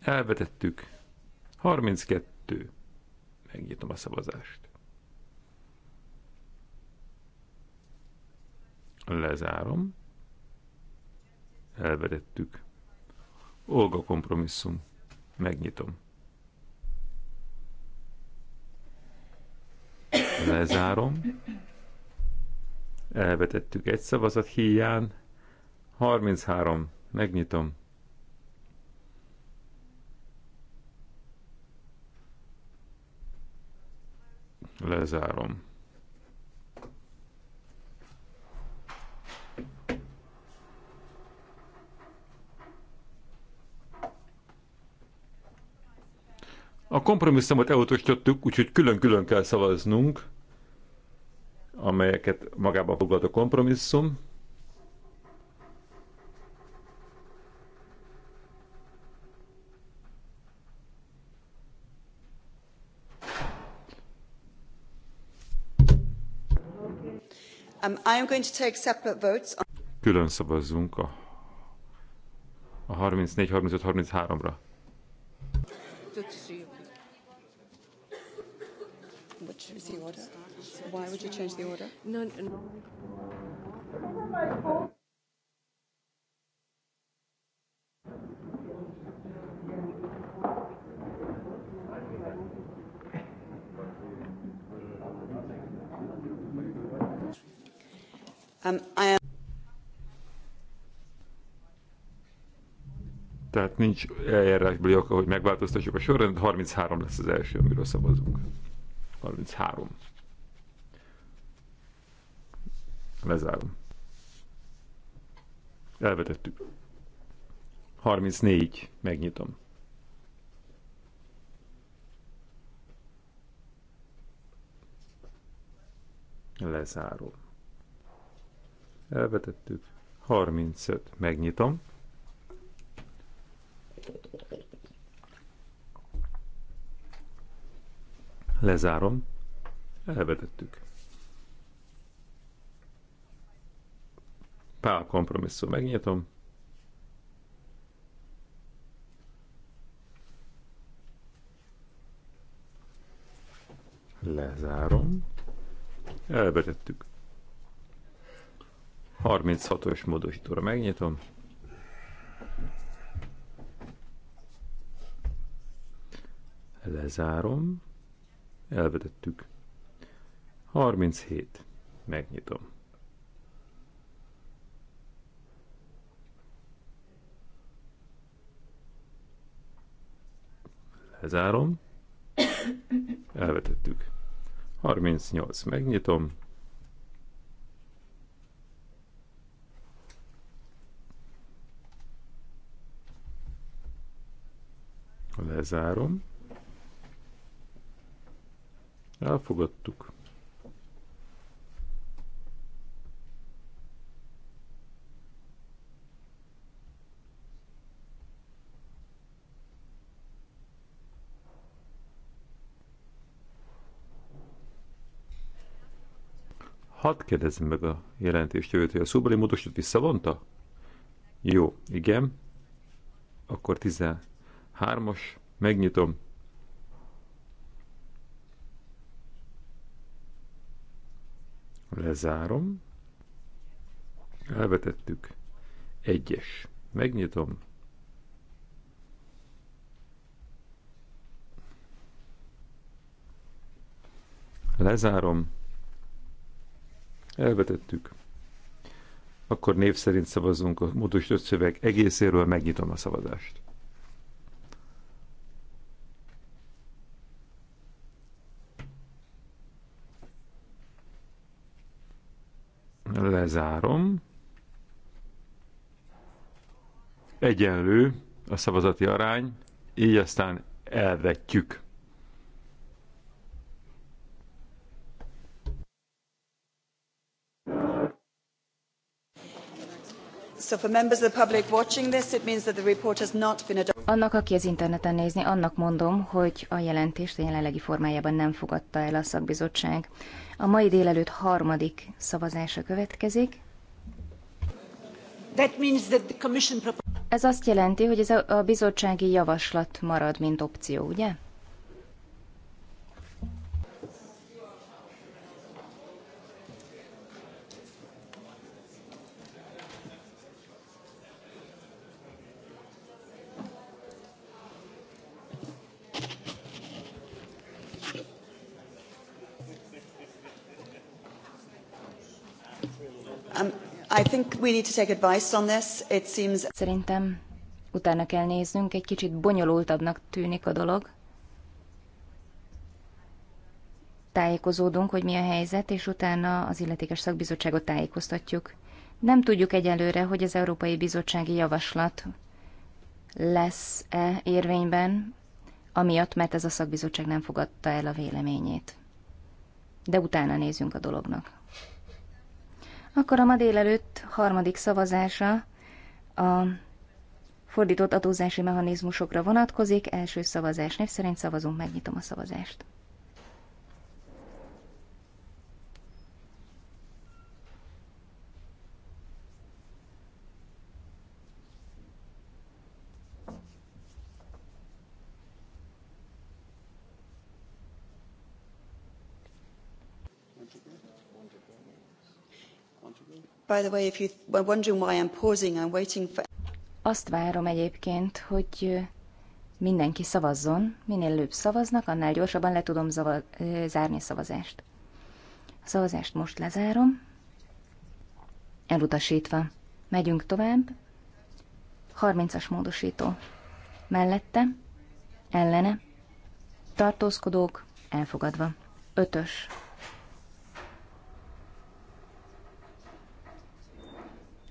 Elvetettük. 32. Megnyitom a szavazást. Lezárom elvedettük. Olga kompromisszum. Megnyitom. Lezárom. Elvetettük egy szavazat híján. 33. Megnyitom. Lezárom. A kompromisszumot elutasítottuk, úgyhogy külön-külön kell szavaznunk, amelyeket magában foglalt a kompromisszum. Um, Külön szavazzunk a, a 34, 35, 33-ra change the order? Why would you change the order? No, no. no. Um, Tehát nincs eljárásbeli oka, hogy megváltoztassuk a sorrendet, 33 lesz az első, amiről szavazunk. 33. Lezárom. Elvetettük. 34. Megnyitom. Lezárom. Elvetettük. 35. Megnyitom. Lezárom. Elvetettük. Pál kompromisszum. Megnyitom. Lezárom. Elvetettük. 36-os módosítóra megnyitom. Lezárom elvetettük. 37. Megnyitom. Lezárom. Elvetettük. 38. Megnyitom. Lezárom. Elfogadtuk. Hadd kérdezzem meg a jelentést jövőt, hogy a szóbeli módosítót visszavonta? Jó, igen. Akkor 13-as, megnyitom. Lezárom. Elvetettük. Egyes. Megnyitom. Lezárom. Elvetettük. Akkor név szerint szavazunk a módosított szöveg egészéről, megnyitom a szavazást. Lezárom. Egyenlő a szavazati arány, így aztán elvetjük. Annak, aki az interneten nézni, annak mondom, hogy a jelentést a jelenlegi formájában nem fogadta el a szakbizottság. A mai délelőtt harmadik szavazása következik. Ez azt jelenti, hogy ez a bizottsági javaslat marad, mint opció, ugye? Szerintem utána kell néznünk, egy kicsit bonyolultabbnak tűnik a dolog. Tájékozódunk, hogy mi a helyzet, és utána az illetékes szakbizottságot tájékoztatjuk. Nem tudjuk egyelőre, hogy az Európai Bizottsági Javaslat lesz-e érvényben, amiatt, mert ez a szakbizottság nem fogadta el a véleményét. De utána nézünk a dolognak. Akkor a ma délelőtt harmadik szavazása a fordított adózási mechanizmusokra vonatkozik. Első szavazás név szerint szavazunk, megnyitom a szavazást. By the way, if you wondering why I'm pausing, I'm waiting for... Azt várom egyébként, hogy mindenki szavazzon. Minél előbb szavaznak, annál gyorsabban le tudom zava- zárni a szavazást. A szavazást most lezárom. Elutasítva. Megyünk tovább. 30-as módosító. Mellette, ellene, tartózkodók, elfogadva. Ötös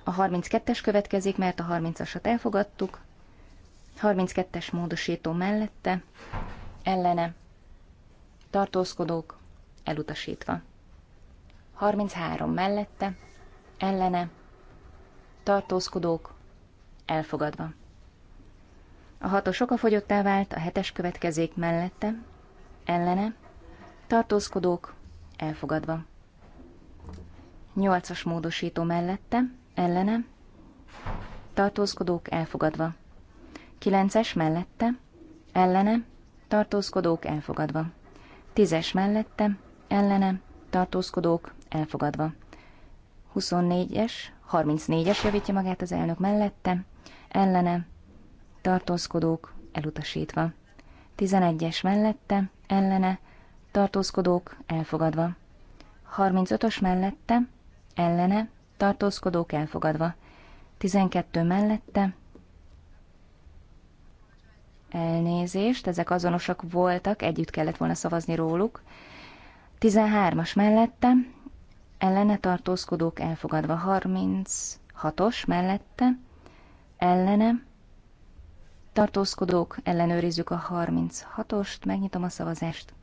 A 32-es következik, mert a 30-asat elfogadtuk. 32-es módosító mellette, ellene, tartózkodók, elutasítva. 33 mellette, ellene, tartózkodók, elfogadva. A hatos okafogyottá vált, a hetes következék mellette, ellene, tartózkodók, elfogadva. Nyolcas módosító mellette, ellene, tartózkodók elfogadva. 9-es mellette, ellene, tartózkodók elfogadva. 10-es mellette, ellene, tartózkodók elfogadva. 24-es, 34-es javítja magát az elnök mellette, ellene, tartózkodók elutasítva. 11-es mellette, ellene, tartózkodók elfogadva. 35-ös mellette, ellene, tartózkodók elfogadva. 12 mellette. Elnézést, ezek azonosak voltak, együtt kellett volna szavazni róluk. 13-as mellette, ellene tartózkodók elfogadva 36-os mellette, ellene tartózkodók, ellenőrizzük a 36-ost, megnyitom a szavazást.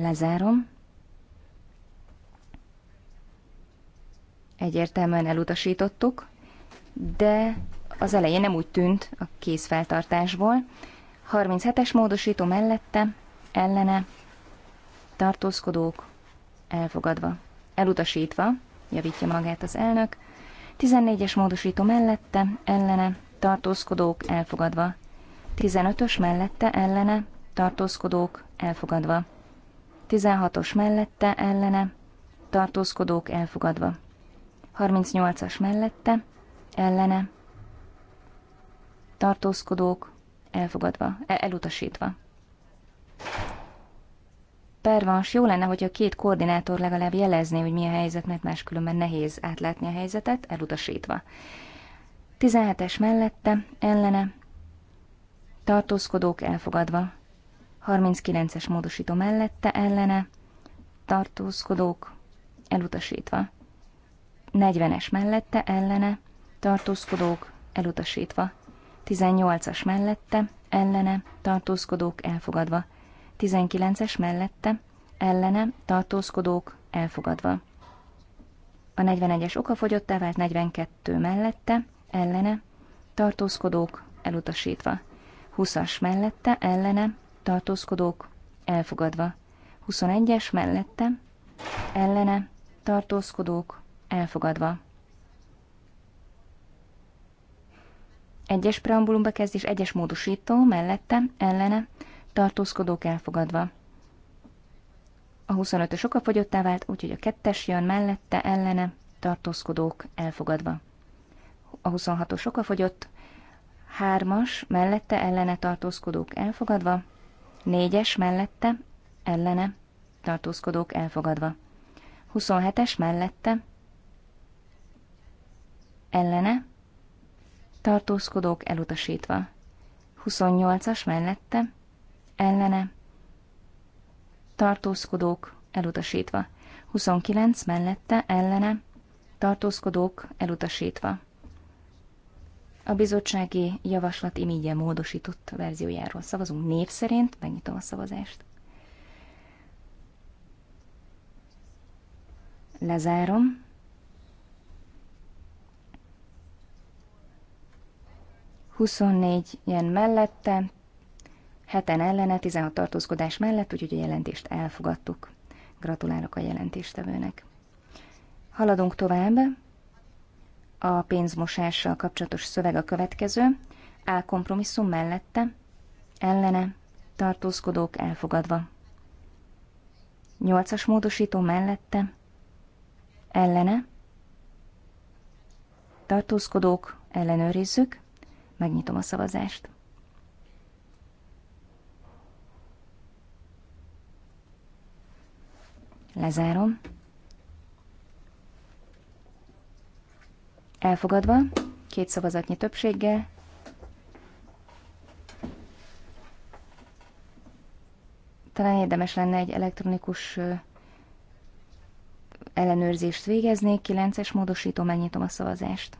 Lezárom. Egyértelműen elutasítottuk, de az elején nem úgy tűnt a kézfeltartásból. 37-es módosító mellette, ellene, tartózkodók, elfogadva, elutasítva, javítja magát az elnök, 14-es módosító mellette, ellene, tartózkodók, elfogadva, 15-ös mellette, ellene, tartózkodók, elfogadva, 16-os mellette, ellene, tartózkodók elfogadva. 38-as mellette, ellene, tartózkodók elfogadva, e, elutasítva. Pervans, jó lenne, hogy a két koordinátor legalább jelezné, hogy mi a helyzet, mert máskülönben nehéz átlátni a helyzetet, elutasítva. 17-es mellette, ellene, tartózkodók elfogadva. 39-es módosító mellette ellene, tartózkodók elutasítva. 40-es mellette ellene, tartózkodók elutasítva. 18-as mellette ellene, tartózkodók elfogadva. 19-es mellette ellene, tartózkodók elfogadva. A 41-es okafogyottá vált 42 mellette, ellene, tartózkodók elutasítva. 20-as mellette, ellene, tartózkodók elfogadva. 21-es mellette, ellene, tartózkodók elfogadva. Egyes preambulum bekezdés, egyes módosító, mellette, ellene, tartózkodók elfogadva. A 25-ös fogyottá vált, úgyhogy a kettes jön mellette, ellene, tartózkodók elfogadva. A 26-os okafogyott, hármas, mellette, ellene tartózkodók elfogadva, Négyes mellette, ellene, tartózkodók elfogadva. 27-es mellette, ellene, tartózkodók elutasítva. 28-as mellette, ellene, tartózkodók elutasítva. 29 mellette, ellene, tartózkodók elutasítva. A bizottsági javaslat imígyen módosított verziójáról szavazunk név szerint. Megnyitom a szavazást. Lezárom. jön mellette, heten ellene, 16 tartózkodás mellett, úgyhogy a jelentést elfogadtuk. Gratulálok a jelentéstevőnek. Haladunk tovább. A pénzmosással kapcsolatos szöveg a következő. A kompromisszum mellette, ellene, tartózkodók elfogadva. Nyolcas módosító mellette, ellene, tartózkodók ellenőrizzük, megnyitom a szavazást. Lezárom. Elfogadva, két szavazatnyi többséggel. Talán érdemes lenne egy elektronikus ellenőrzést végezni. 9-es módosító, megnyitom a szavazást.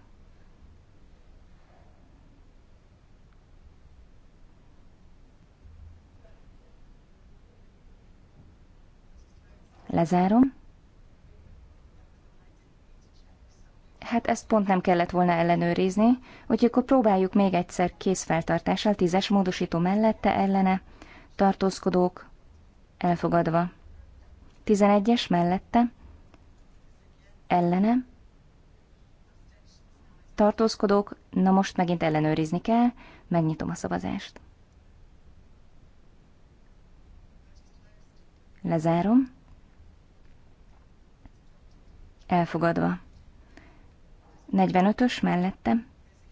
Lezárom. hát ezt pont nem kellett volna ellenőrizni, úgyhogy akkor próbáljuk még egyszer készfeltartással, tízes módosító mellette ellene, tartózkodók elfogadva. Tizenegyes mellette, ellene, tartózkodók, na most megint ellenőrizni kell, megnyitom a szavazást. Lezárom. Elfogadva. 45-ös mellette,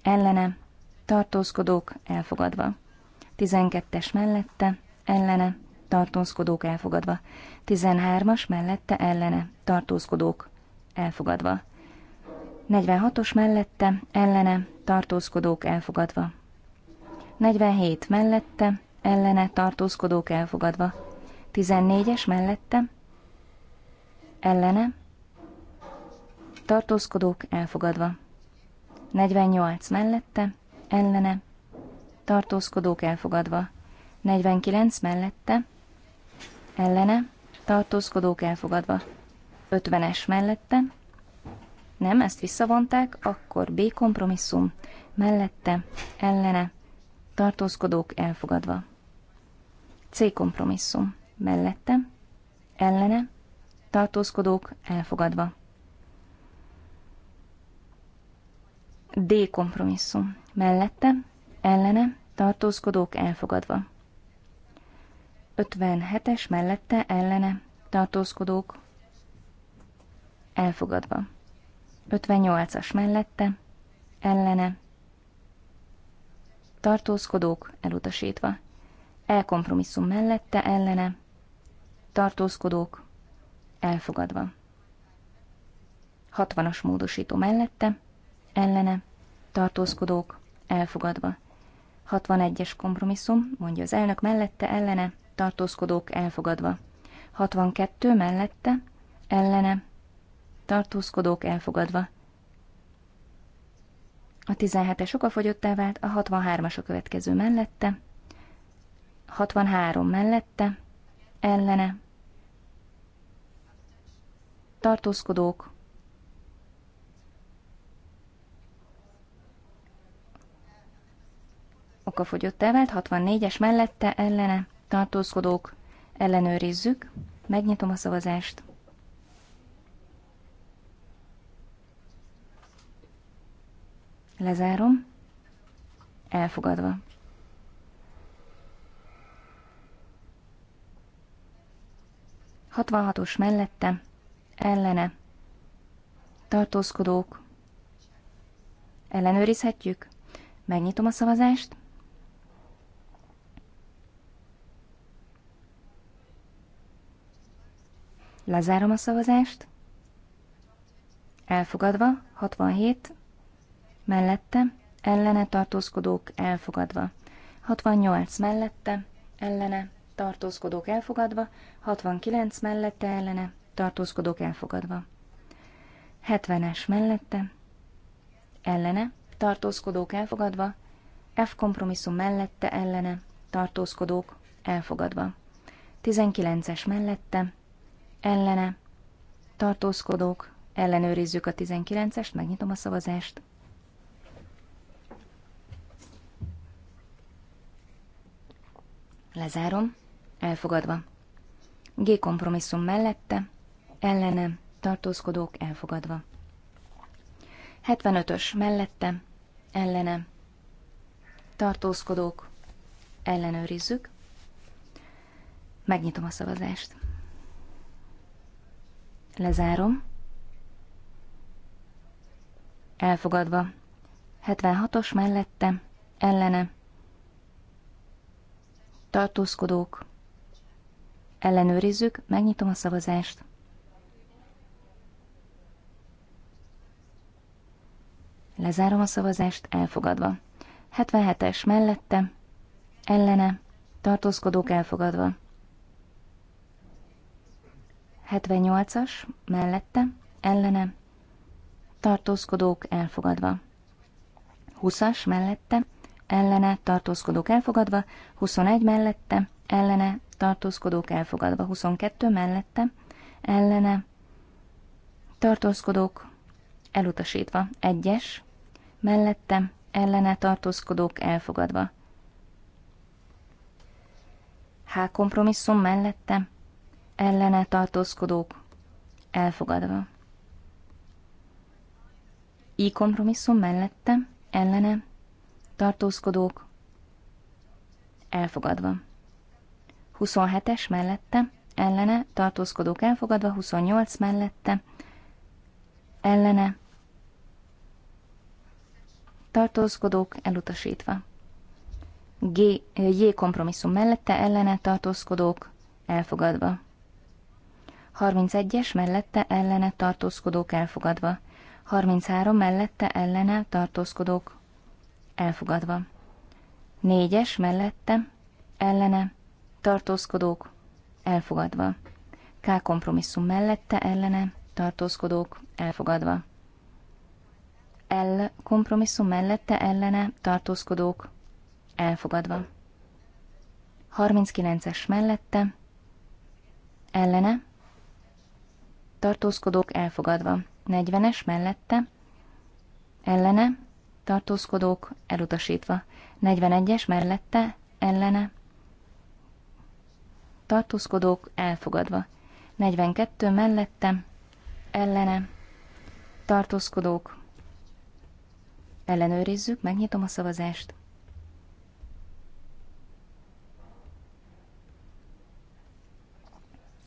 ellene, tartózkodók elfogadva. 12-es mellette, ellene, tartózkodók elfogadva. 13-as mellette, ellene, tartózkodók elfogadva. 46-os mellette, ellene, tartózkodók elfogadva. 47 mellette, ellene, tartózkodók elfogadva. 14-es mellette, ellene, tartózkodók elfogadva. 48 mellette, ellene, tartózkodók elfogadva. 49 mellette, ellene, tartózkodók elfogadva. 50-es mellette, nem, ezt visszavonták, akkor B kompromisszum, mellette, ellene, tartózkodók elfogadva. C kompromisszum, mellette, ellene, tartózkodók elfogadva. D kompromisszum. Mellette, ellene, tartózkodók elfogadva. 57-es mellette, ellene, tartózkodók elfogadva. 58-as mellette, ellene, tartózkodók elutasítva. E-kompromisszum mellette, ellene, tartózkodók elfogadva. 60-as módosító mellette, ellene, tartózkodók, elfogadva. 61-es kompromisszum, mondja az elnök mellette, ellene, tartózkodók, elfogadva. 62 mellette, ellene, tartózkodók, elfogadva. A 17-es fogyottá vált, a 63-as a következő mellette, 63 mellette, ellene, tartózkodók, okafogyott elvált 64-es mellette ellene tartózkodók ellenőrizzük. Megnyitom a szavazást. Lezárom. Elfogadva. Hatvanhatos mellette, ellene, tartózkodók. Ellenőrizhetjük? Megnyitom a szavazást. Lezárom a szavazást. Elfogadva, 67. Mellette, ellene tartózkodók elfogadva. 68 mellette, ellene tartózkodók elfogadva, 69 mellette ellene tartózkodók elfogadva. 70-es mellette, ellene tartózkodók elfogadva, F kompromisszum mellette ellene tartózkodók elfogadva. 19-es mellette ellene, tartózkodók, ellenőrizzük a 19-est, megnyitom a szavazást. Lezárom, elfogadva. G kompromisszum mellette, ellene, tartózkodók, elfogadva. 75-ös mellette, ellene, tartózkodók, ellenőrizzük. Megnyitom a szavazást. Lezárom. Elfogadva. 76-os mellette, ellene. Tartózkodók. Ellenőrizzük, megnyitom a szavazást. Lezárom a szavazást, elfogadva. 77-es mellette, ellene, tartózkodók elfogadva. 78-as, mellette, ellene, tartózkodók elfogadva. 20-as, mellette, ellene, tartózkodók elfogadva, 21 mellette, ellene, tartózkodók elfogadva, 22 mellette, ellene, tartózkodók elutasítva, 1-es, mellette, ellene, tartózkodók elfogadva. H kompromisszum mellette, ellene tartózkodók elfogadva. I kompromisszum mellette ellene tartózkodók elfogadva. 27-es mellette ellene tartózkodók elfogadva, 28 mellette ellene tartózkodók elutasítva. G, J kompromisszum mellette ellene tartózkodók elfogadva. 31-es mellette ellene tartózkodók elfogadva. 33 mellette ellene tartózkodók elfogadva. 4-es mellette ellene tartózkodók elfogadva. K kompromisszum mellette ellene tartózkodók elfogadva. L kompromisszum mellette ellene tartózkodók elfogadva. 39-es mellette ellene tartózkodók elfogadva. 40-es mellette, ellene, tartózkodók elutasítva. 41-es mellette, ellene, tartózkodók elfogadva. 42 mellette, ellene, tartózkodók. Ellenőrizzük, megnyitom a szavazást.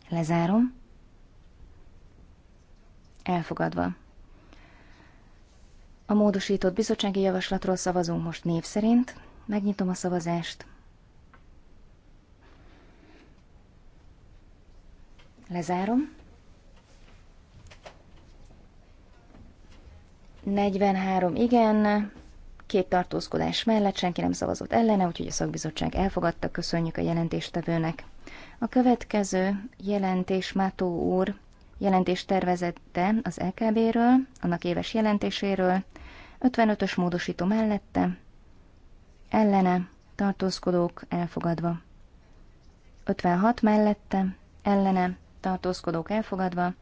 Lezárom. Elfogadva. A módosított bizottsági javaslatról szavazunk most név szerint. Megnyitom a szavazást. Lezárom. 43 igen, két tartózkodás mellett senki nem szavazott ellene, úgyhogy a szakbizottság elfogadta, köszönjük a jelentéstevőnek. A következő jelentés Mátó úr jelentést tervezette az LKB-ről, annak éves jelentéséről, 55-ös módosító mellette, ellene, tartózkodók elfogadva. 56 mellette, ellene, tartózkodók elfogadva,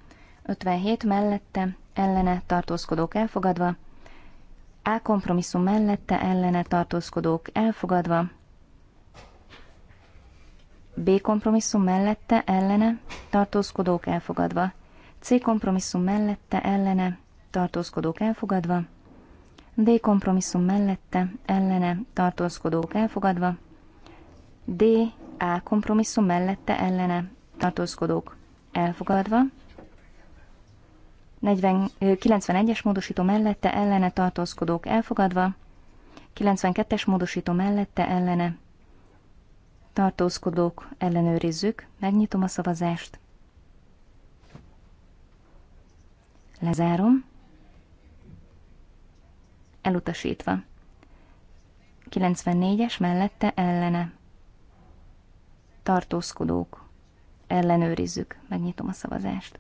57 mellette, ellene, tartózkodók elfogadva, A kompromisszum mellette, ellene, tartózkodók elfogadva, B kompromisszum mellette, ellene, tartózkodók elfogadva, C kompromisszum mellette ellene tartózkodók elfogadva, D kompromisszum mellette ellene tartózkodók elfogadva, D A kompromisszum mellette ellene tartózkodók elfogadva, 91-es módosító mellette ellene tartózkodók elfogadva, 92-es módosító mellette ellene tartózkodók ellenőrizzük, megnyitom a szavazást. Lezárom. Elutasítva. 94-es mellette ellene. Tartózkodók. Ellenőrizzük. Megnyitom a szavazást.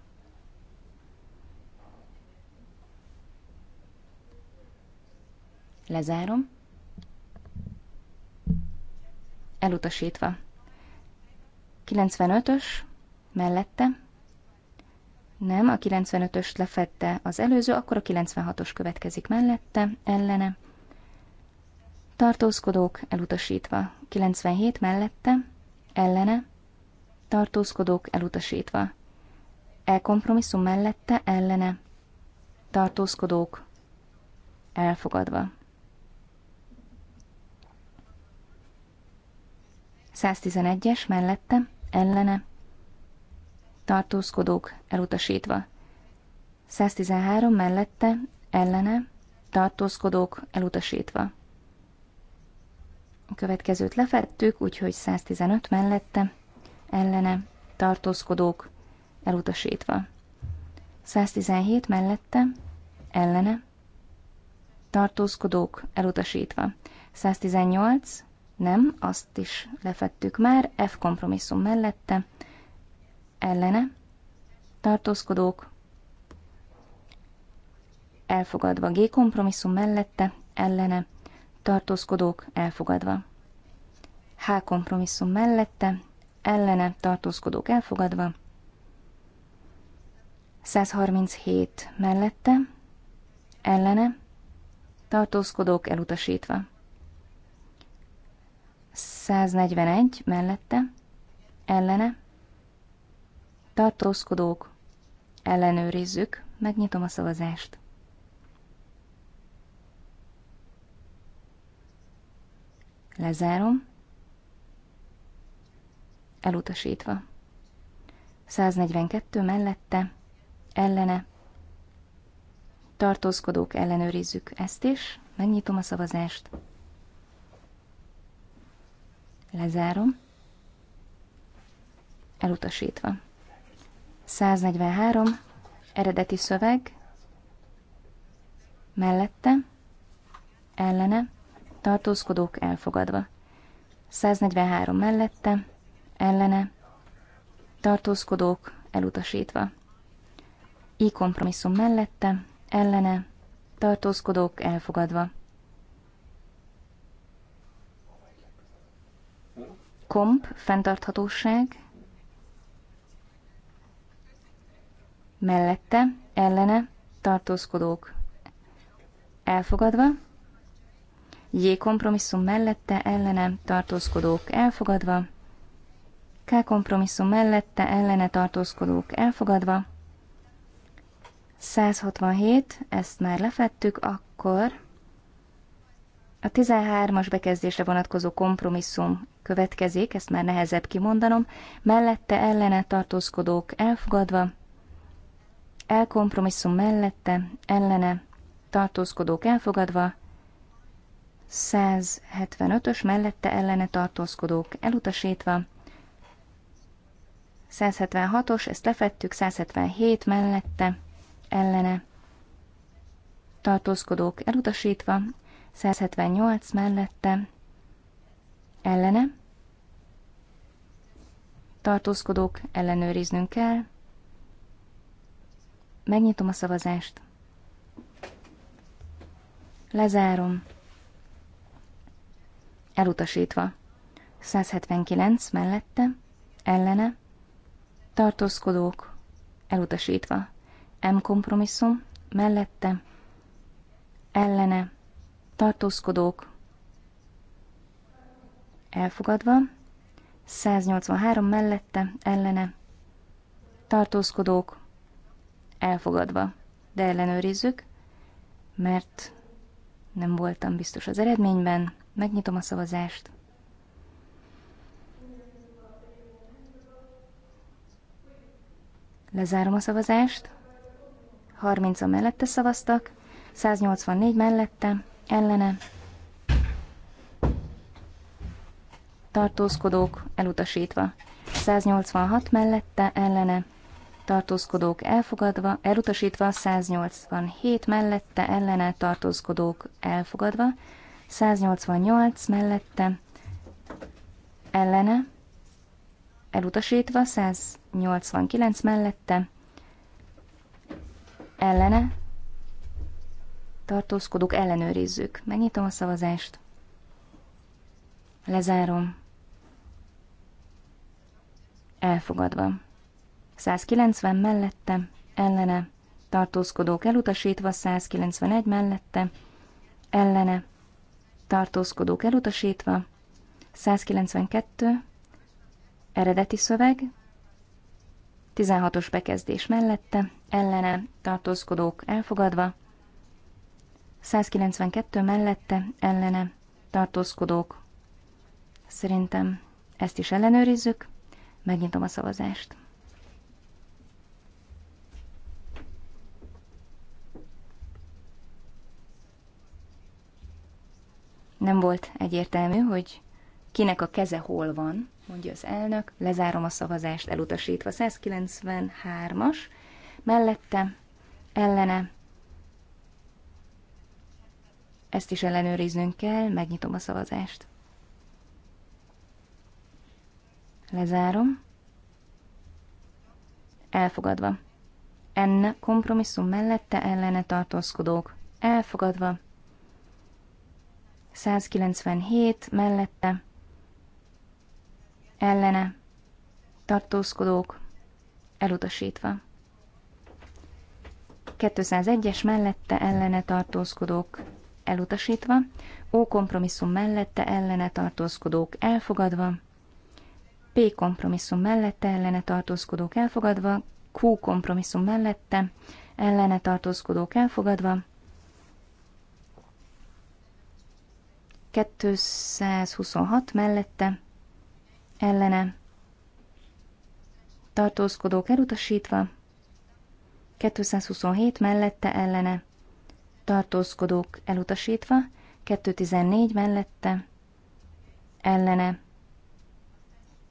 Lezárom. Elutasítva. 95-ös mellette nem, a 95-öst lefette az előző, akkor a 96-os következik mellette, ellene. Tartózkodók elutasítva. 97 mellette, ellene. Tartózkodók elutasítva. Elkompromisszum mellette, ellene. Tartózkodók elfogadva. 111-es mellette, ellene tartózkodók elutasítva. 113 mellette, ellene, tartózkodók elutasítva. A következőt lefettük, úgyhogy 115 mellette, ellene, tartózkodók elutasítva. 117 mellette, ellene, tartózkodók elutasítva. 118, nem, azt is lefettük már, F kompromisszum mellette, ellene, tartózkodók, elfogadva. G kompromisszum mellette, ellene, tartózkodók, elfogadva. H kompromisszum mellette, ellene, tartózkodók, elfogadva. 137 mellette, ellene, tartózkodók elutasítva. 141 mellette, ellene, tartózkodók, ellenőrizzük, megnyitom a szavazást. Lezárom. Elutasítva. 142 mellette, ellene, tartózkodók ellenőrizzük ezt is, megnyitom a szavazást. Lezárom. Elutasítva. 143, eredeti szöveg, mellette, ellene, tartózkodók elfogadva. 143 mellette, ellene, tartózkodók elutasítva. I kompromisszum mellette, ellene, tartózkodók elfogadva. Komp, fenntarthatóság, mellette, ellene, tartózkodók elfogadva, J kompromisszum mellette, ellene, tartózkodók elfogadva, K kompromisszum mellette, ellene, tartózkodók elfogadva, 167, ezt már lefettük, akkor a 13-as bekezdésre vonatkozó kompromisszum következik, ezt már nehezebb kimondanom, mellette ellene tartózkodók elfogadva, elkompromisszum mellette, ellene, tartózkodók elfogadva, 175-ös mellette ellene tartózkodók elutasítva, 176-os, ezt lefettük, 177 mellette ellene tartózkodók elutasítva, 178 mellette ellene tartózkodók ellenőriznünk kell, Megnyitom a szavazást. Lezárom. Elutasítva. 179 mellette, ellene, tartózkodók, elutasítva. M kompromisszum, mellette, ellene, tartózkodók, elfogadva. 183 mellette, ellene, tartózkodók, elfogadva, de ellenőrizzük, mert nem voltam biztos az eredményben. Megnyitom a szavazást. Lezárom a szavazást. 30 a mellette szavaztak, 184 mellette, ellene. Tartózkodók elutasítva. 186 mellette, ellene tartózkodók elfogadva, elutasítva 187 mellette ellene tartózkodók elfogadva, 188 mellette ellene elutasítva, 189 mellette ellene tartózkodók ellenőrizzük. Megnyitom a szavazást. Lezárom. Elfogadva. 190 mellette, ellene, tartózkodók elutasítva, 191 mellette, ellene, tartózkodók elutasítva, 192, eredeti szöveg, 16-os bekezdés mellette, ellene, tartózkodók elfogadva, 192 mellette, ellene, tartózkodók. Szerintem ezt is ellenőrizzük, megnyitom a szavazást. Nem volt egyértelmű, hogy kinek a keze hol van, mondja az elnök. Lezárom a szavazást elutasítva. 193-as, mellette, ellene. Ezt is ellenőriznünk kell, megnyitom a szavazást. Lezárom. Elfogadva. Enne kompromisszum mellette ellene tartózkodók. Elfogadva. 197 mellette, ellene, tartózkodók, elutasítva. 201-es mellette, ellene, tartózkodók, elutasítva. Ó kompromisszum mellette, ellene, tartózkodók, elfogadva. P kompromisszum mellette, ellene, tartózkodók, elfogadva. Q kompromisszum mellette, ellene, tartózkodók, elfogadva. 226 mellette, ellene, tartózkodók elutasítva, 227 mellette, ellene, tartózkodók elutasítva, 214 mellette, ellene,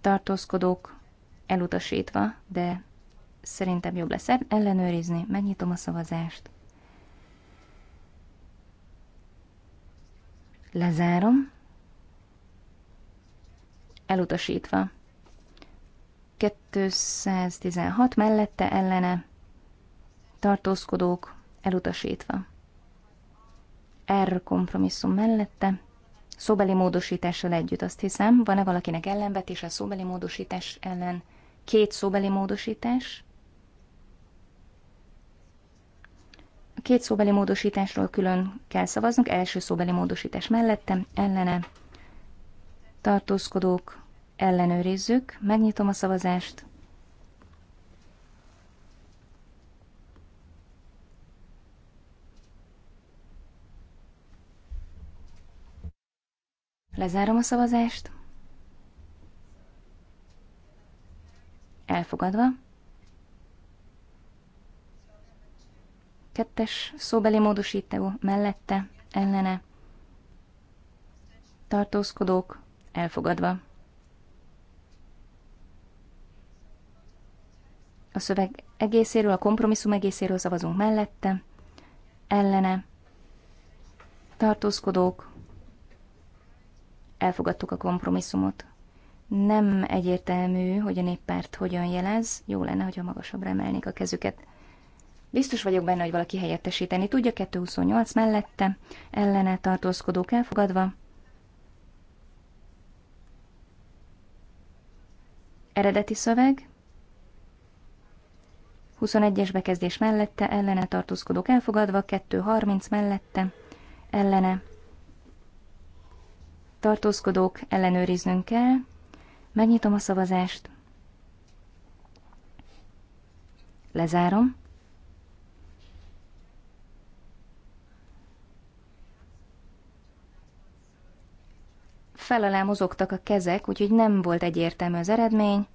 tartózkodók elutasítva, de szerintem jobb lesz ellenőrizni, megnyitom a szavazást. Lezárom. Elutasítva. 216 mellette ellene. Tartózkodók elutasítva. R kompromisszum mellette. Szóbeli módosítással együtt azt hiszem, van-e valakinek ellenvetés a szóbeli módosítás ellen? Két szóbeli módosítás Két szóbeli módosításról külön kell szavaznunk. Első szóbeli módosítás mellettem, ellene. Tartózkodók, ellenőrizzük. Megnyitom a szavazást. Lezárom a szavazást. Elfogadva. Kettes szóbeli módosító mellette, ellene. Tartózkodók elfogadva. A szöveg egészéről, a kompromisszum egészéről szavazunk mellette, ellene. Tartózkodók elfogadtuk a kompromisszumot. Nem egyértelmű, hogy a néppárt hogyan jelez, jó lenne, hogyha magasabbra emelnék a kezüket. Biztos vagyok benne, hogy valaki helyettesíteni tudja, 228 mellette, ellene tartózkodók elfogadva. Eredeti szöveg, 21-es bekezdés mellette, ellene tartózkodók elfogadva, 230 mellette, ellene tartózkodók ellenőriznünk kell. Megnyitom a szavazást. Lezárom. fel mozogtak a kezek, úgyhogy nem volt egyértelmű az eredmény.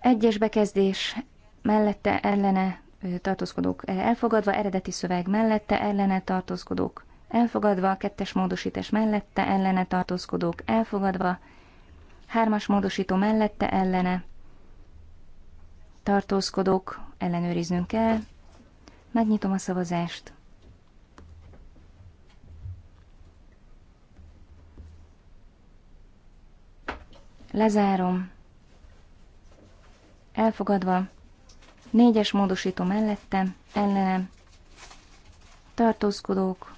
Egyes bekezdés mellette ellene tartózkodók elfogadva, eredeti szöveg mellette ellene tartózkodók elfogadva, kettes módosítás mellette ellene tartózkodók elfogadva, hármas módosító mellette ellene tartózkodók ellenőriznünk kell. Megnyitom a szavazást. Lezárom. Elfogadva. Négyes módosító mellettem, ellenem. Tartózkodók.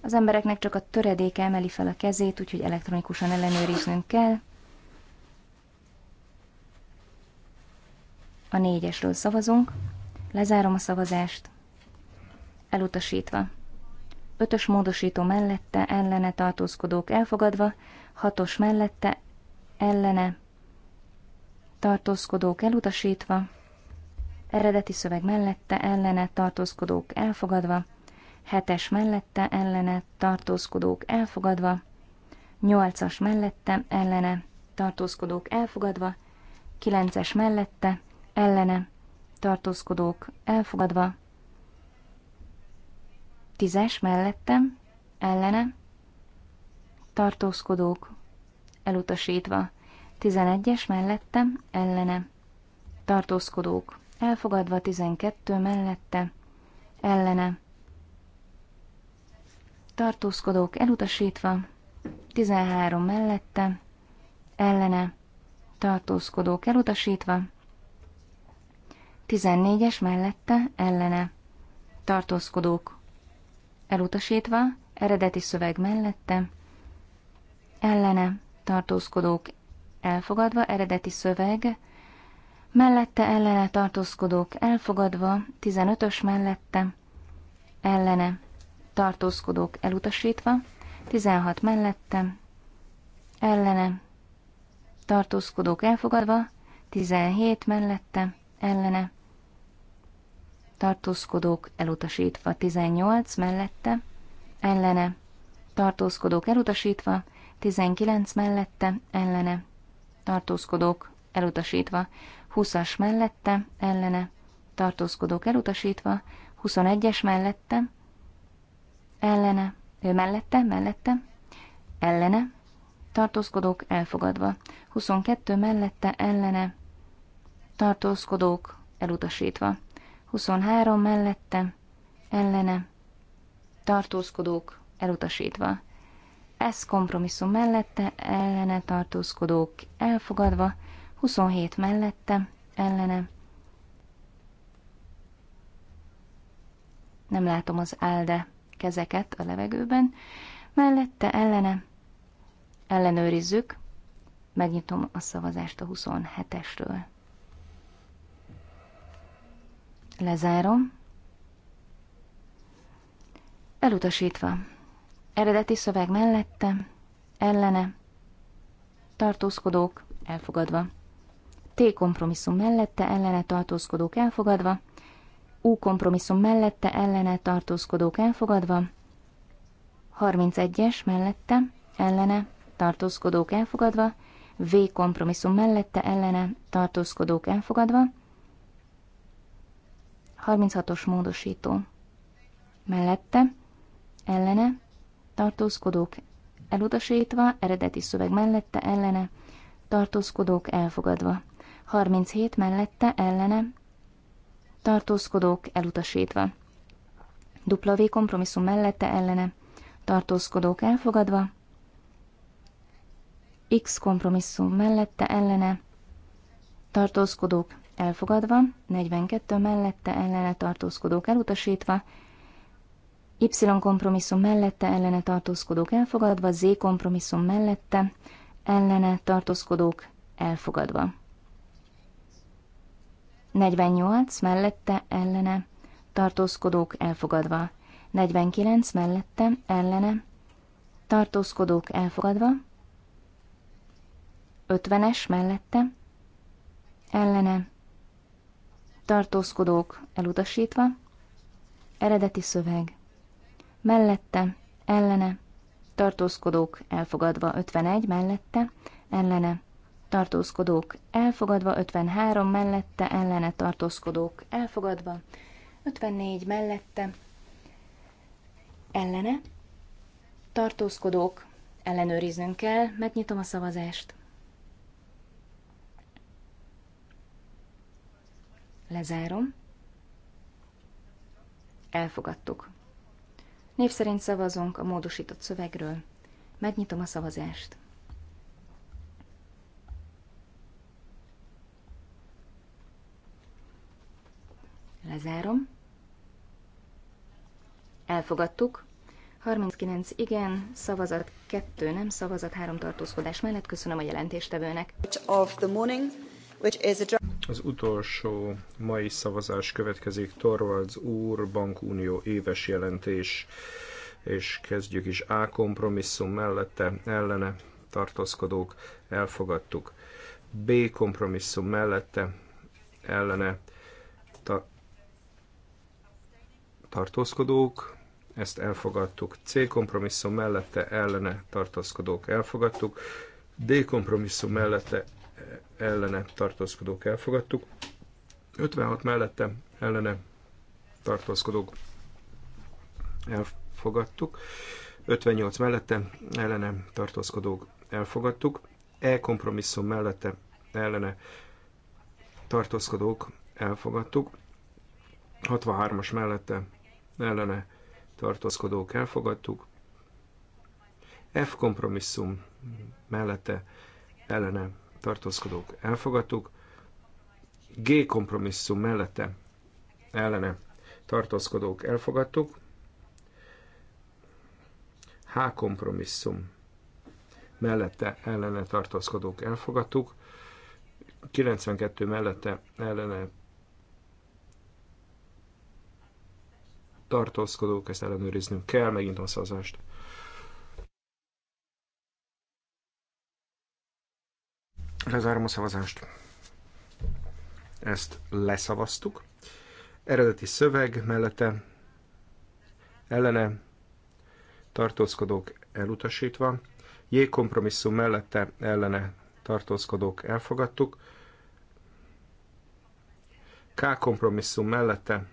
Az embereknek csak a töredéke emeli fel a kezét, úgyhogy elektronikusan ellenőriznünk kell. A négyesről szavazunk. Lezárom a szavazást. Elutasítva ötös módosító mellette ellene tartózkodók elfogadva, hatos mellette ellene tartózkodók elutasítva, eredeti szöveg mellette ellene tartózkodók elfogadva, hetes mellette ellene tartózkodók elfogadva, nyolcas mellette ellene tartózkodók elfogadva, kilences mellette ellene tartózkodók elfogadva, Tízes mellettem, ellene, tartózkodók, elutasítva. Tizenegyes mellettem, ellene, tartózkodók, elfogadva. Tizenkettő mellette, ellene, tartózkodók, elutasítva. Tizenhárom mellette, ellene, tartózkodók, elutasítva. 14-es mellette ellene. Tartózkodók elutasítva, eredeti szöveg mellette, ellene tartózkodók elfogadva, eredeti szöveg, mellette ellene tartózkodók elfogadva, 15-ös mellette, ellene tartózkodók elutasítva, 16 mellette, ellene tartózkodók elfogadva, 17 mellette, ellene tartózkodók elutasítva, 18 mellette, ellene, tartózkodók elutasítva, 19 mellette, ellene, tartózkodók elutasítva, 20-as mellette, ellene, tartózkodók elutasítva, 21-es mellette, ellene, ő mellette, mellette, ellene, tartózkodók elfogadva, 22 mellette, ellene, tartózkodók elutasítva, 23 mellette, ellene, tartózkodók elutasítva. Ez kompromisszum mellette, ellene tartózkodók elfogadva, 27 mellette, ellene. Nem látom az álde kezeket a levegőben. Mellette, ellene. Ellenőrizzük. Megnyitom a szavazást a 27-esről. Lezárom. Elutasítva. Eredeti szöveg mellette, ellene, tartózkodók elfogadva. T kompromisszum mellette, ellene tartózkodók elfogadva. U kompromisszum mellette, ellene tartózkodók elfogadva. 31-es mellette, ellene tartózkodók elfogadva. V kompromisszum mellette, ellene tartózkodók elfogadva. 36-os módosító. Mellette, ellene, tartózkodók elutasítva, eredeti szöveg mellette, ellene, tartózkodók elfogadva. 37 mellette, ellene, tartózkodók elutasítva. dupla v kompromisszum mellette, ellene, tartózkodók elfogadva. X kompromisszum mellette, ellene, tartózkodók elfogadva, 42 mellette ellene tartózkodók elutasítva, Y kompromisszum mellette ellene tartózkodók elfogadva, Z kompromisszum mellette ellene tartózkodók elfogadva. 48 mellette ellene tartózkodók elfogadva, 49 mellette ellene tartózkodók elfogadva, 50-es mellette ellene tartózkodók elutasítva, eredeti szöveg, mellette, ellene, tartózkodók elfogadva 51 mellette, ellene, tartózkodók elfogadva 53 mellette, ellene tartózkodók elfogadva 54 mellette, ellene, tartózkodók ellenőriznünk kell, megnyitom a szavazást. Lezárom. Elfogadtuk. Név szerint szavazunk a módosított szövegről. Megnyitom a szavazást. Lezárom. Elfogadtuk. 39 igen, szavazat 2 nem, szavazat 3 tartózkodás mellett köszönöm a jelentéstevőnek. Of the morning, which is a az utolsó mai szavazás következik Torvalds úr, Bankunió éves jelentés, és kezdjük is A kompromisszum mellette, ellene tartózkodók, elfogadtuk. B kompromisszum mellette, ellene ta- tartózkodók, ezt elfogadtuk. C kompromisszum mellette, ellene tartózkodók, elfogadtuk. D kompromisszum mellette, ellene tartózkodók elfogadtuk, 56 mellette ellene tartózkodók elfogadtuk, 58 mellette ellene tartózkodók elfogadtuk, e kompromisszum mellette ellene tartózkodók elfogadtuk, 63-as mellette ellene tartózkodók elfogadtuk, F kompromisszum mellette ellene tartózkodók elfogadtuk, G kompromisszum mellette ellene tartózkodók elfogadtuk, H kompromisszum mellette ellene tartózkodók elfogadtuk, 92 mellette ellene tartózkodók, ezt ellenőriznünk kell, megint a szavazást. Lezárom a szavazást. Ezt leszavaztuk. Eredeti szöveg mellette ellene tartózkodók elutasítva. J kompromisszum mellette ellene tartózkodók elfogadtuk. K kompromisszum mellette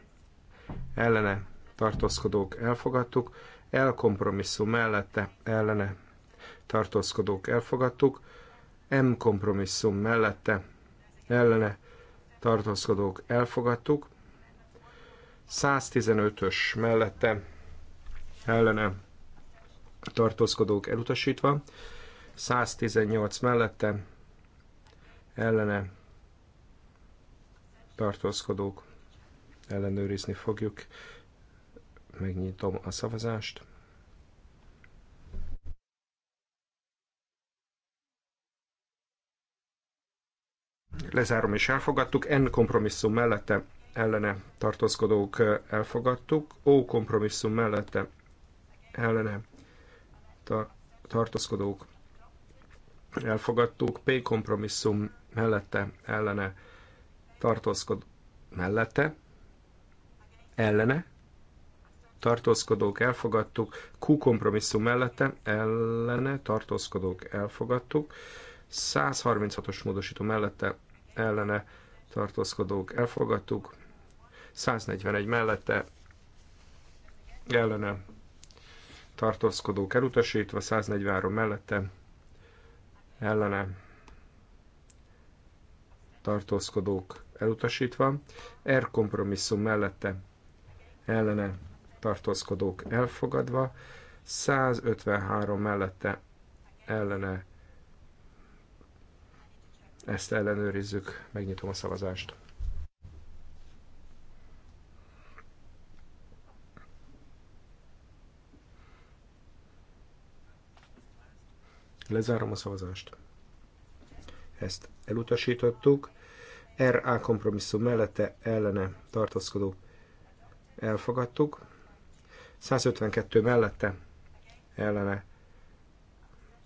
ellene tartózkodók elfogadtuk, L kompromisszum mellette ellene tartózkodók elfogadtuk, M kompromisszum mellette ellene tartózkodók elfogadtuk. 115-ös mellette ellene tartózkodók elutasítva, 118 mellette ellene tartózkodók ellenőrizni fogjuk. Megnyitom a szavazást. lezárom és elfogadtuk, N kompromisszum mellette ellene tartózkodók elfogadtuk, O kompromisszum mellette ellene tar- tartózkodók elfogadtuk, P kompromisszum mellette ellene tartózkod mellette ellene tartózkodók elfogadtuk, Q kompromisszum mellette ellene tartózkodók elfogadtuk, 136-os módosító mellette ellene tartózkodók elfogadtuk, 141 mellette ellene tartózkodók elutasítva, 143 mellette ellene tartózkodók elutasítva, R kompromisszum mellette ellene tartózkodók elfogadva, 153 mellette ellene ezt ellenőrizzük, megnyitom a szavazást. Lezárom a szavazást. Ezt elutasítottuk. RA kompromisszum mellette ellene tartózkodó elfogadtuk. 152 mellette ellene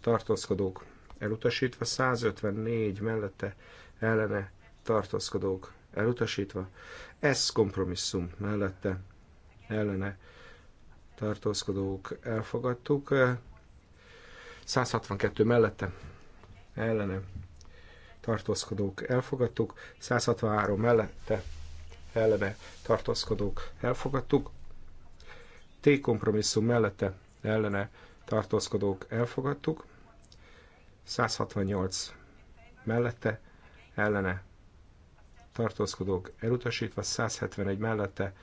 tartózkodók elutasítva, 154 mellette ellene tartózkodók elutasítva, ez kompromisszum mellette ellene tartózkodók elfogadtuk, 162 mellette ellene tartózkodók elfogadtuk, 163 mellette ellene tartózkodók elfogadtuk, T kompromisszum mellette ellene tartózkodók elfogadtuk, 168 mellette, ellene tartózkodók elutasítva, 171 mellette,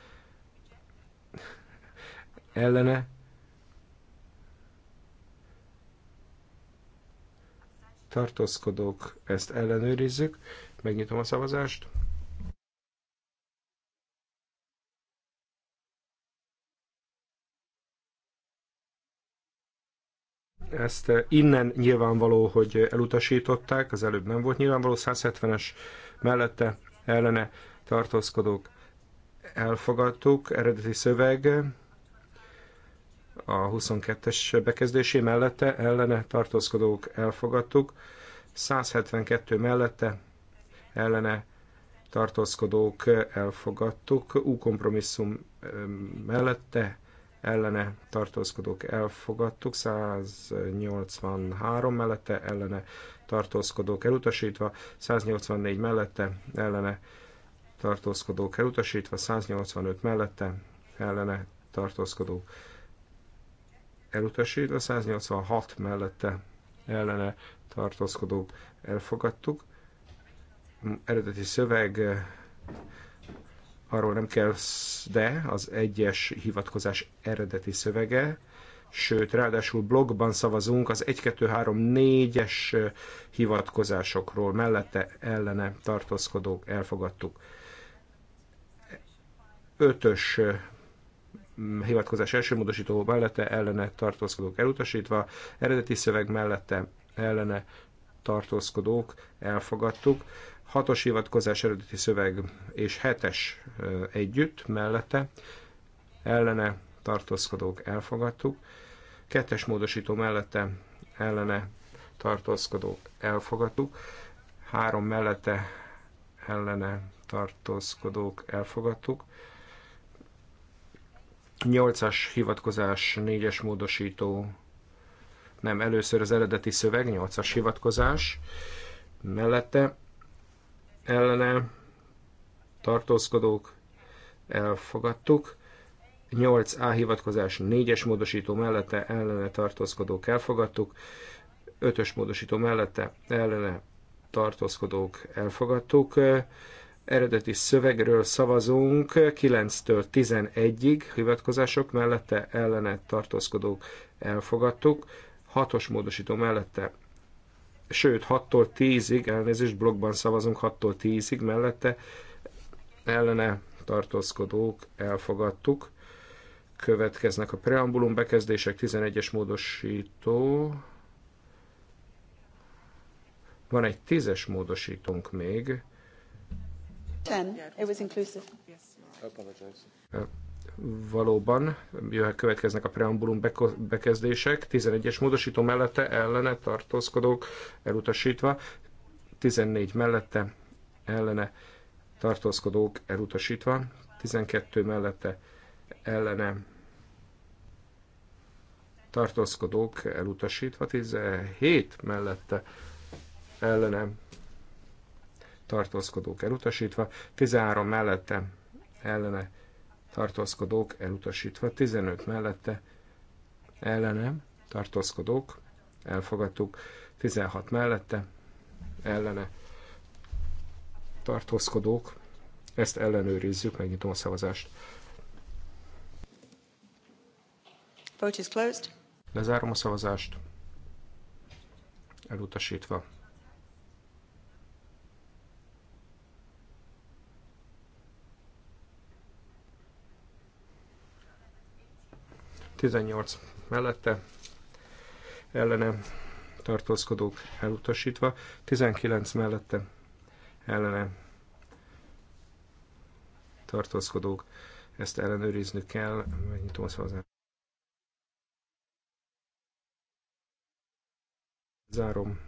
ellene tartózkodók, ezt ellenőrizzük, megnyitom a szavazást. ezt. Innen nyilvánvaló, hogy elutasították, az előbb nem volt nyilvánvaló, 170-es mellette ellene tartózkodók elfogadtuk, eredeti szöveg a 22-es bekezdésé mellette ellene tartózkodók elfogadtuk, 172 mellette ellene tartózkodók elfogadtuk, U kompromisszum mellette ellene tartózkodók elfogadtuk, 183 mellette ellene tartózkodók elutasítva, 184 mellette ellene tartózkodók elutasítva, 185 mellette ellene tartózkodók elutasítva, 186 mellette ellene tartózkodók elfogadtuk. Eredeti szöveg arról nem kell, de az egyes hivatkozás eredeti szövege, sőt, ráadásul blogban szavazunk az 1, 2, 3, 4-es hivatkozásokról, mellette ellene tartózkodók elfogadtuk. Ötös hivatkozás első módosító mellette ellene tartózkodók elutasítva, eredeti szöveg mellette ellene tartózkodók elfogadtuk. Hatos hivatkozás eredeti szöveg és hetes együtt mellette ellene tartózkodók elfogadtuk. Kettes módosító mellette ellene tartózkodók elfogadtuk. Három mellette ellene tartózkodók elfogadtuk. nyolcas hivatkozás, négyes módosító, nem, először az eredeti szöveg, 8-as hivatkozás, mellette ellene tartózkodók elfogadtuk. 8A hivatkozás 4-es módosító mellette ellene tartózkodók elfogadtuk, 5-ös módosító mellette ellene tartózkodók elfogadtuk. Eredeti szövegről szavazunk 9-től 11-ig hivatkozások mellette ellene tartózkodók elfogadtuk, 6-os módosító mellette sőt 6-tól 10-ig, elnézést, blogban szavazunk 6-tól 10-ig mellette, ellene tartózkodók elfogadtuk. Következnek a preambulum bekezdések, 11-es módosító. Van egy 10-es módosítónk még. 10. It was inclusive. Yes. Apologize valóban jöhet, következnek a preambulum bekezdések, 11-es módosító mellette ellene tartózkodók elutasítva, 14 mellette ellene tartózkodók elutasítva, 12 mellette ellene tartózkodók elutasítva, 17 mellette ellene tartózkodók elutasítva, 13 mellette ellene tartózkodók elutasítva, 15 mellette ellene tartózkodók elfogadtuk, 16 mellette ellene tartózkodók, ezt ellenőrizzük, megnyitom a szavazást. Vote is closed. Lezárom a szavazást. Elutasítva. 18 mellette ellene tartózkodók elutasítva, 19 mellette ellene tartózkodók, ezt ellenőrizni kell, megnyitom a szavazást. Zárom.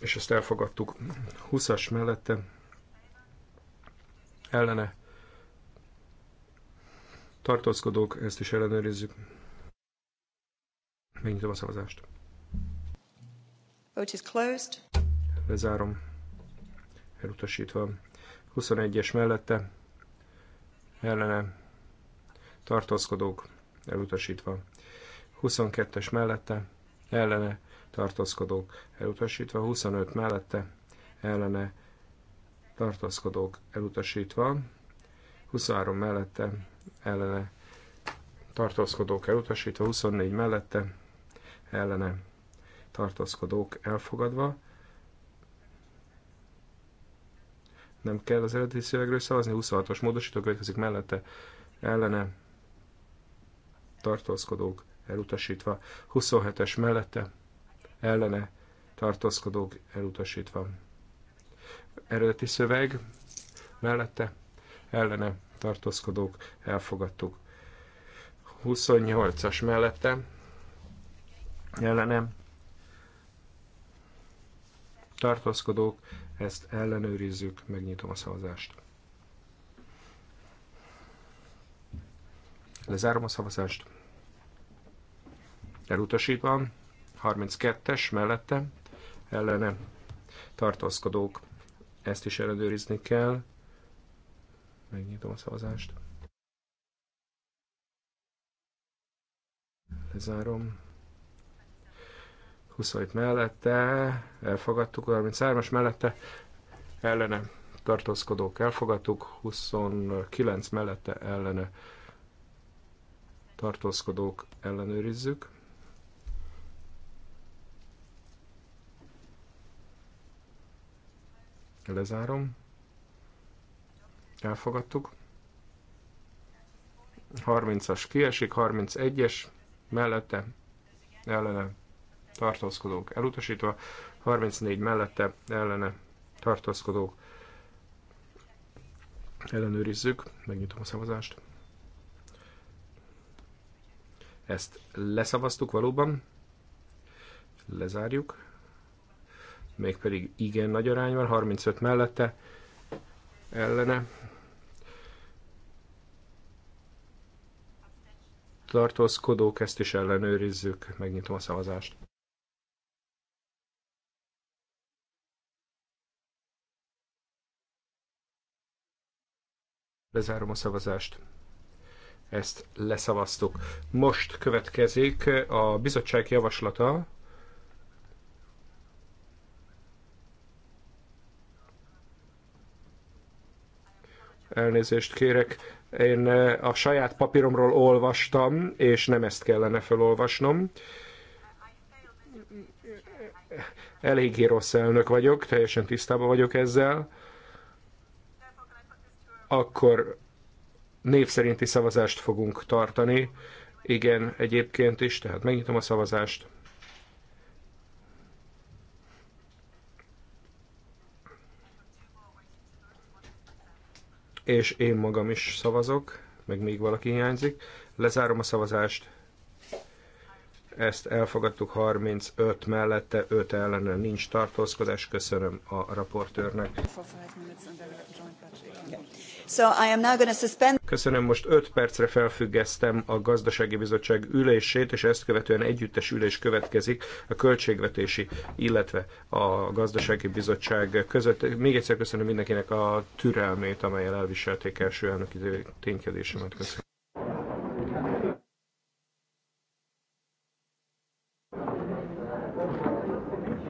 És ezt elfogadtuk. 20-as mellette ellene tartózkodók, ezt is ellenőrizzük. Megnyitom a szavazást. Vote is closed. Lezárom. Elutasítva. 21-es mellette. Ellene. Tartózkodók. Elutasítva. 22-es mellette. Ellene. Tartózkodók. Elutasítva. 25 mellette. Ellene. Tartózkodók. Elutasítva. 23 mellette ellene tartózkodók elutasítva, 24 mellette ellene tartózkodók elfogadva. Nem kell az eredeti szövegről szavazni, 26-os módosító következik mellette ellene tartózkodók elutasítva, 27-es mellette ellene tartózkodók elutasítva. Eredeti szöveg mellette ellene tartózkodók elfogadtuk. 28-as mellette ellenem tartózkodók, ezt ellenőrizzük, megnyitom a szavazást. Lezárom a szavazást. Elutasítva, 32-es mellette ellene tartózkodók, ezt is ellenőrizni kell megnyitom a szavazást. Lezárom. 27 mellette, elfogadtuk, 33-as mellette, ellene tartózkodók elfogadtuk, 29 mellette ellene tartózkodók ellenőrizzük. Lezárom elfogadtuk. 30-as kiesik, 31-es mellette ellene tartózkodók elutasítva, 34 mellette ellene tartózkodók ellenőrizzük, megnyitom a szavazást. Ezt leszavaztuk valóban, lezárjuk, mégpedig igen nagy van, 35 mellette ellene tartózkodók, ezt is ellenőrizzük, megnyitom a szavazást. Lezárom a szavazást. Ezt leszavaztuk. Most következik a bizottság javaslata. Elnézést kérek én a saját papíromról olvastam, és nem ezt kellene felolvasnom. Eléggé rossz elnök vagyok, teljesen tisztában vagyok ezzel. Akkor név szerinti szavazást fogunk tartani. Igen, egyébként is, tehát megnyitom a szavazást. és én magam is szavazok, meg még valaki hiányzik. Lezárom a szavazást. Ezt elfogadtuk 35 mellette, 5 ellene nincs tartózkodás. Köszönöm a raportőrnek. So I am now going to suspend... Köszönöm, most 5 percre felfüggesztem a Gazdasági Bizottság ülését, és ezt követően együttes ülés következik a Költségvetési, illetve a Gazdasági Bizottság között. Még egyszer köszönöm mindenkinek a türelmét, amelyel elviselték első elnöki ténykedésemet. Köszönöm.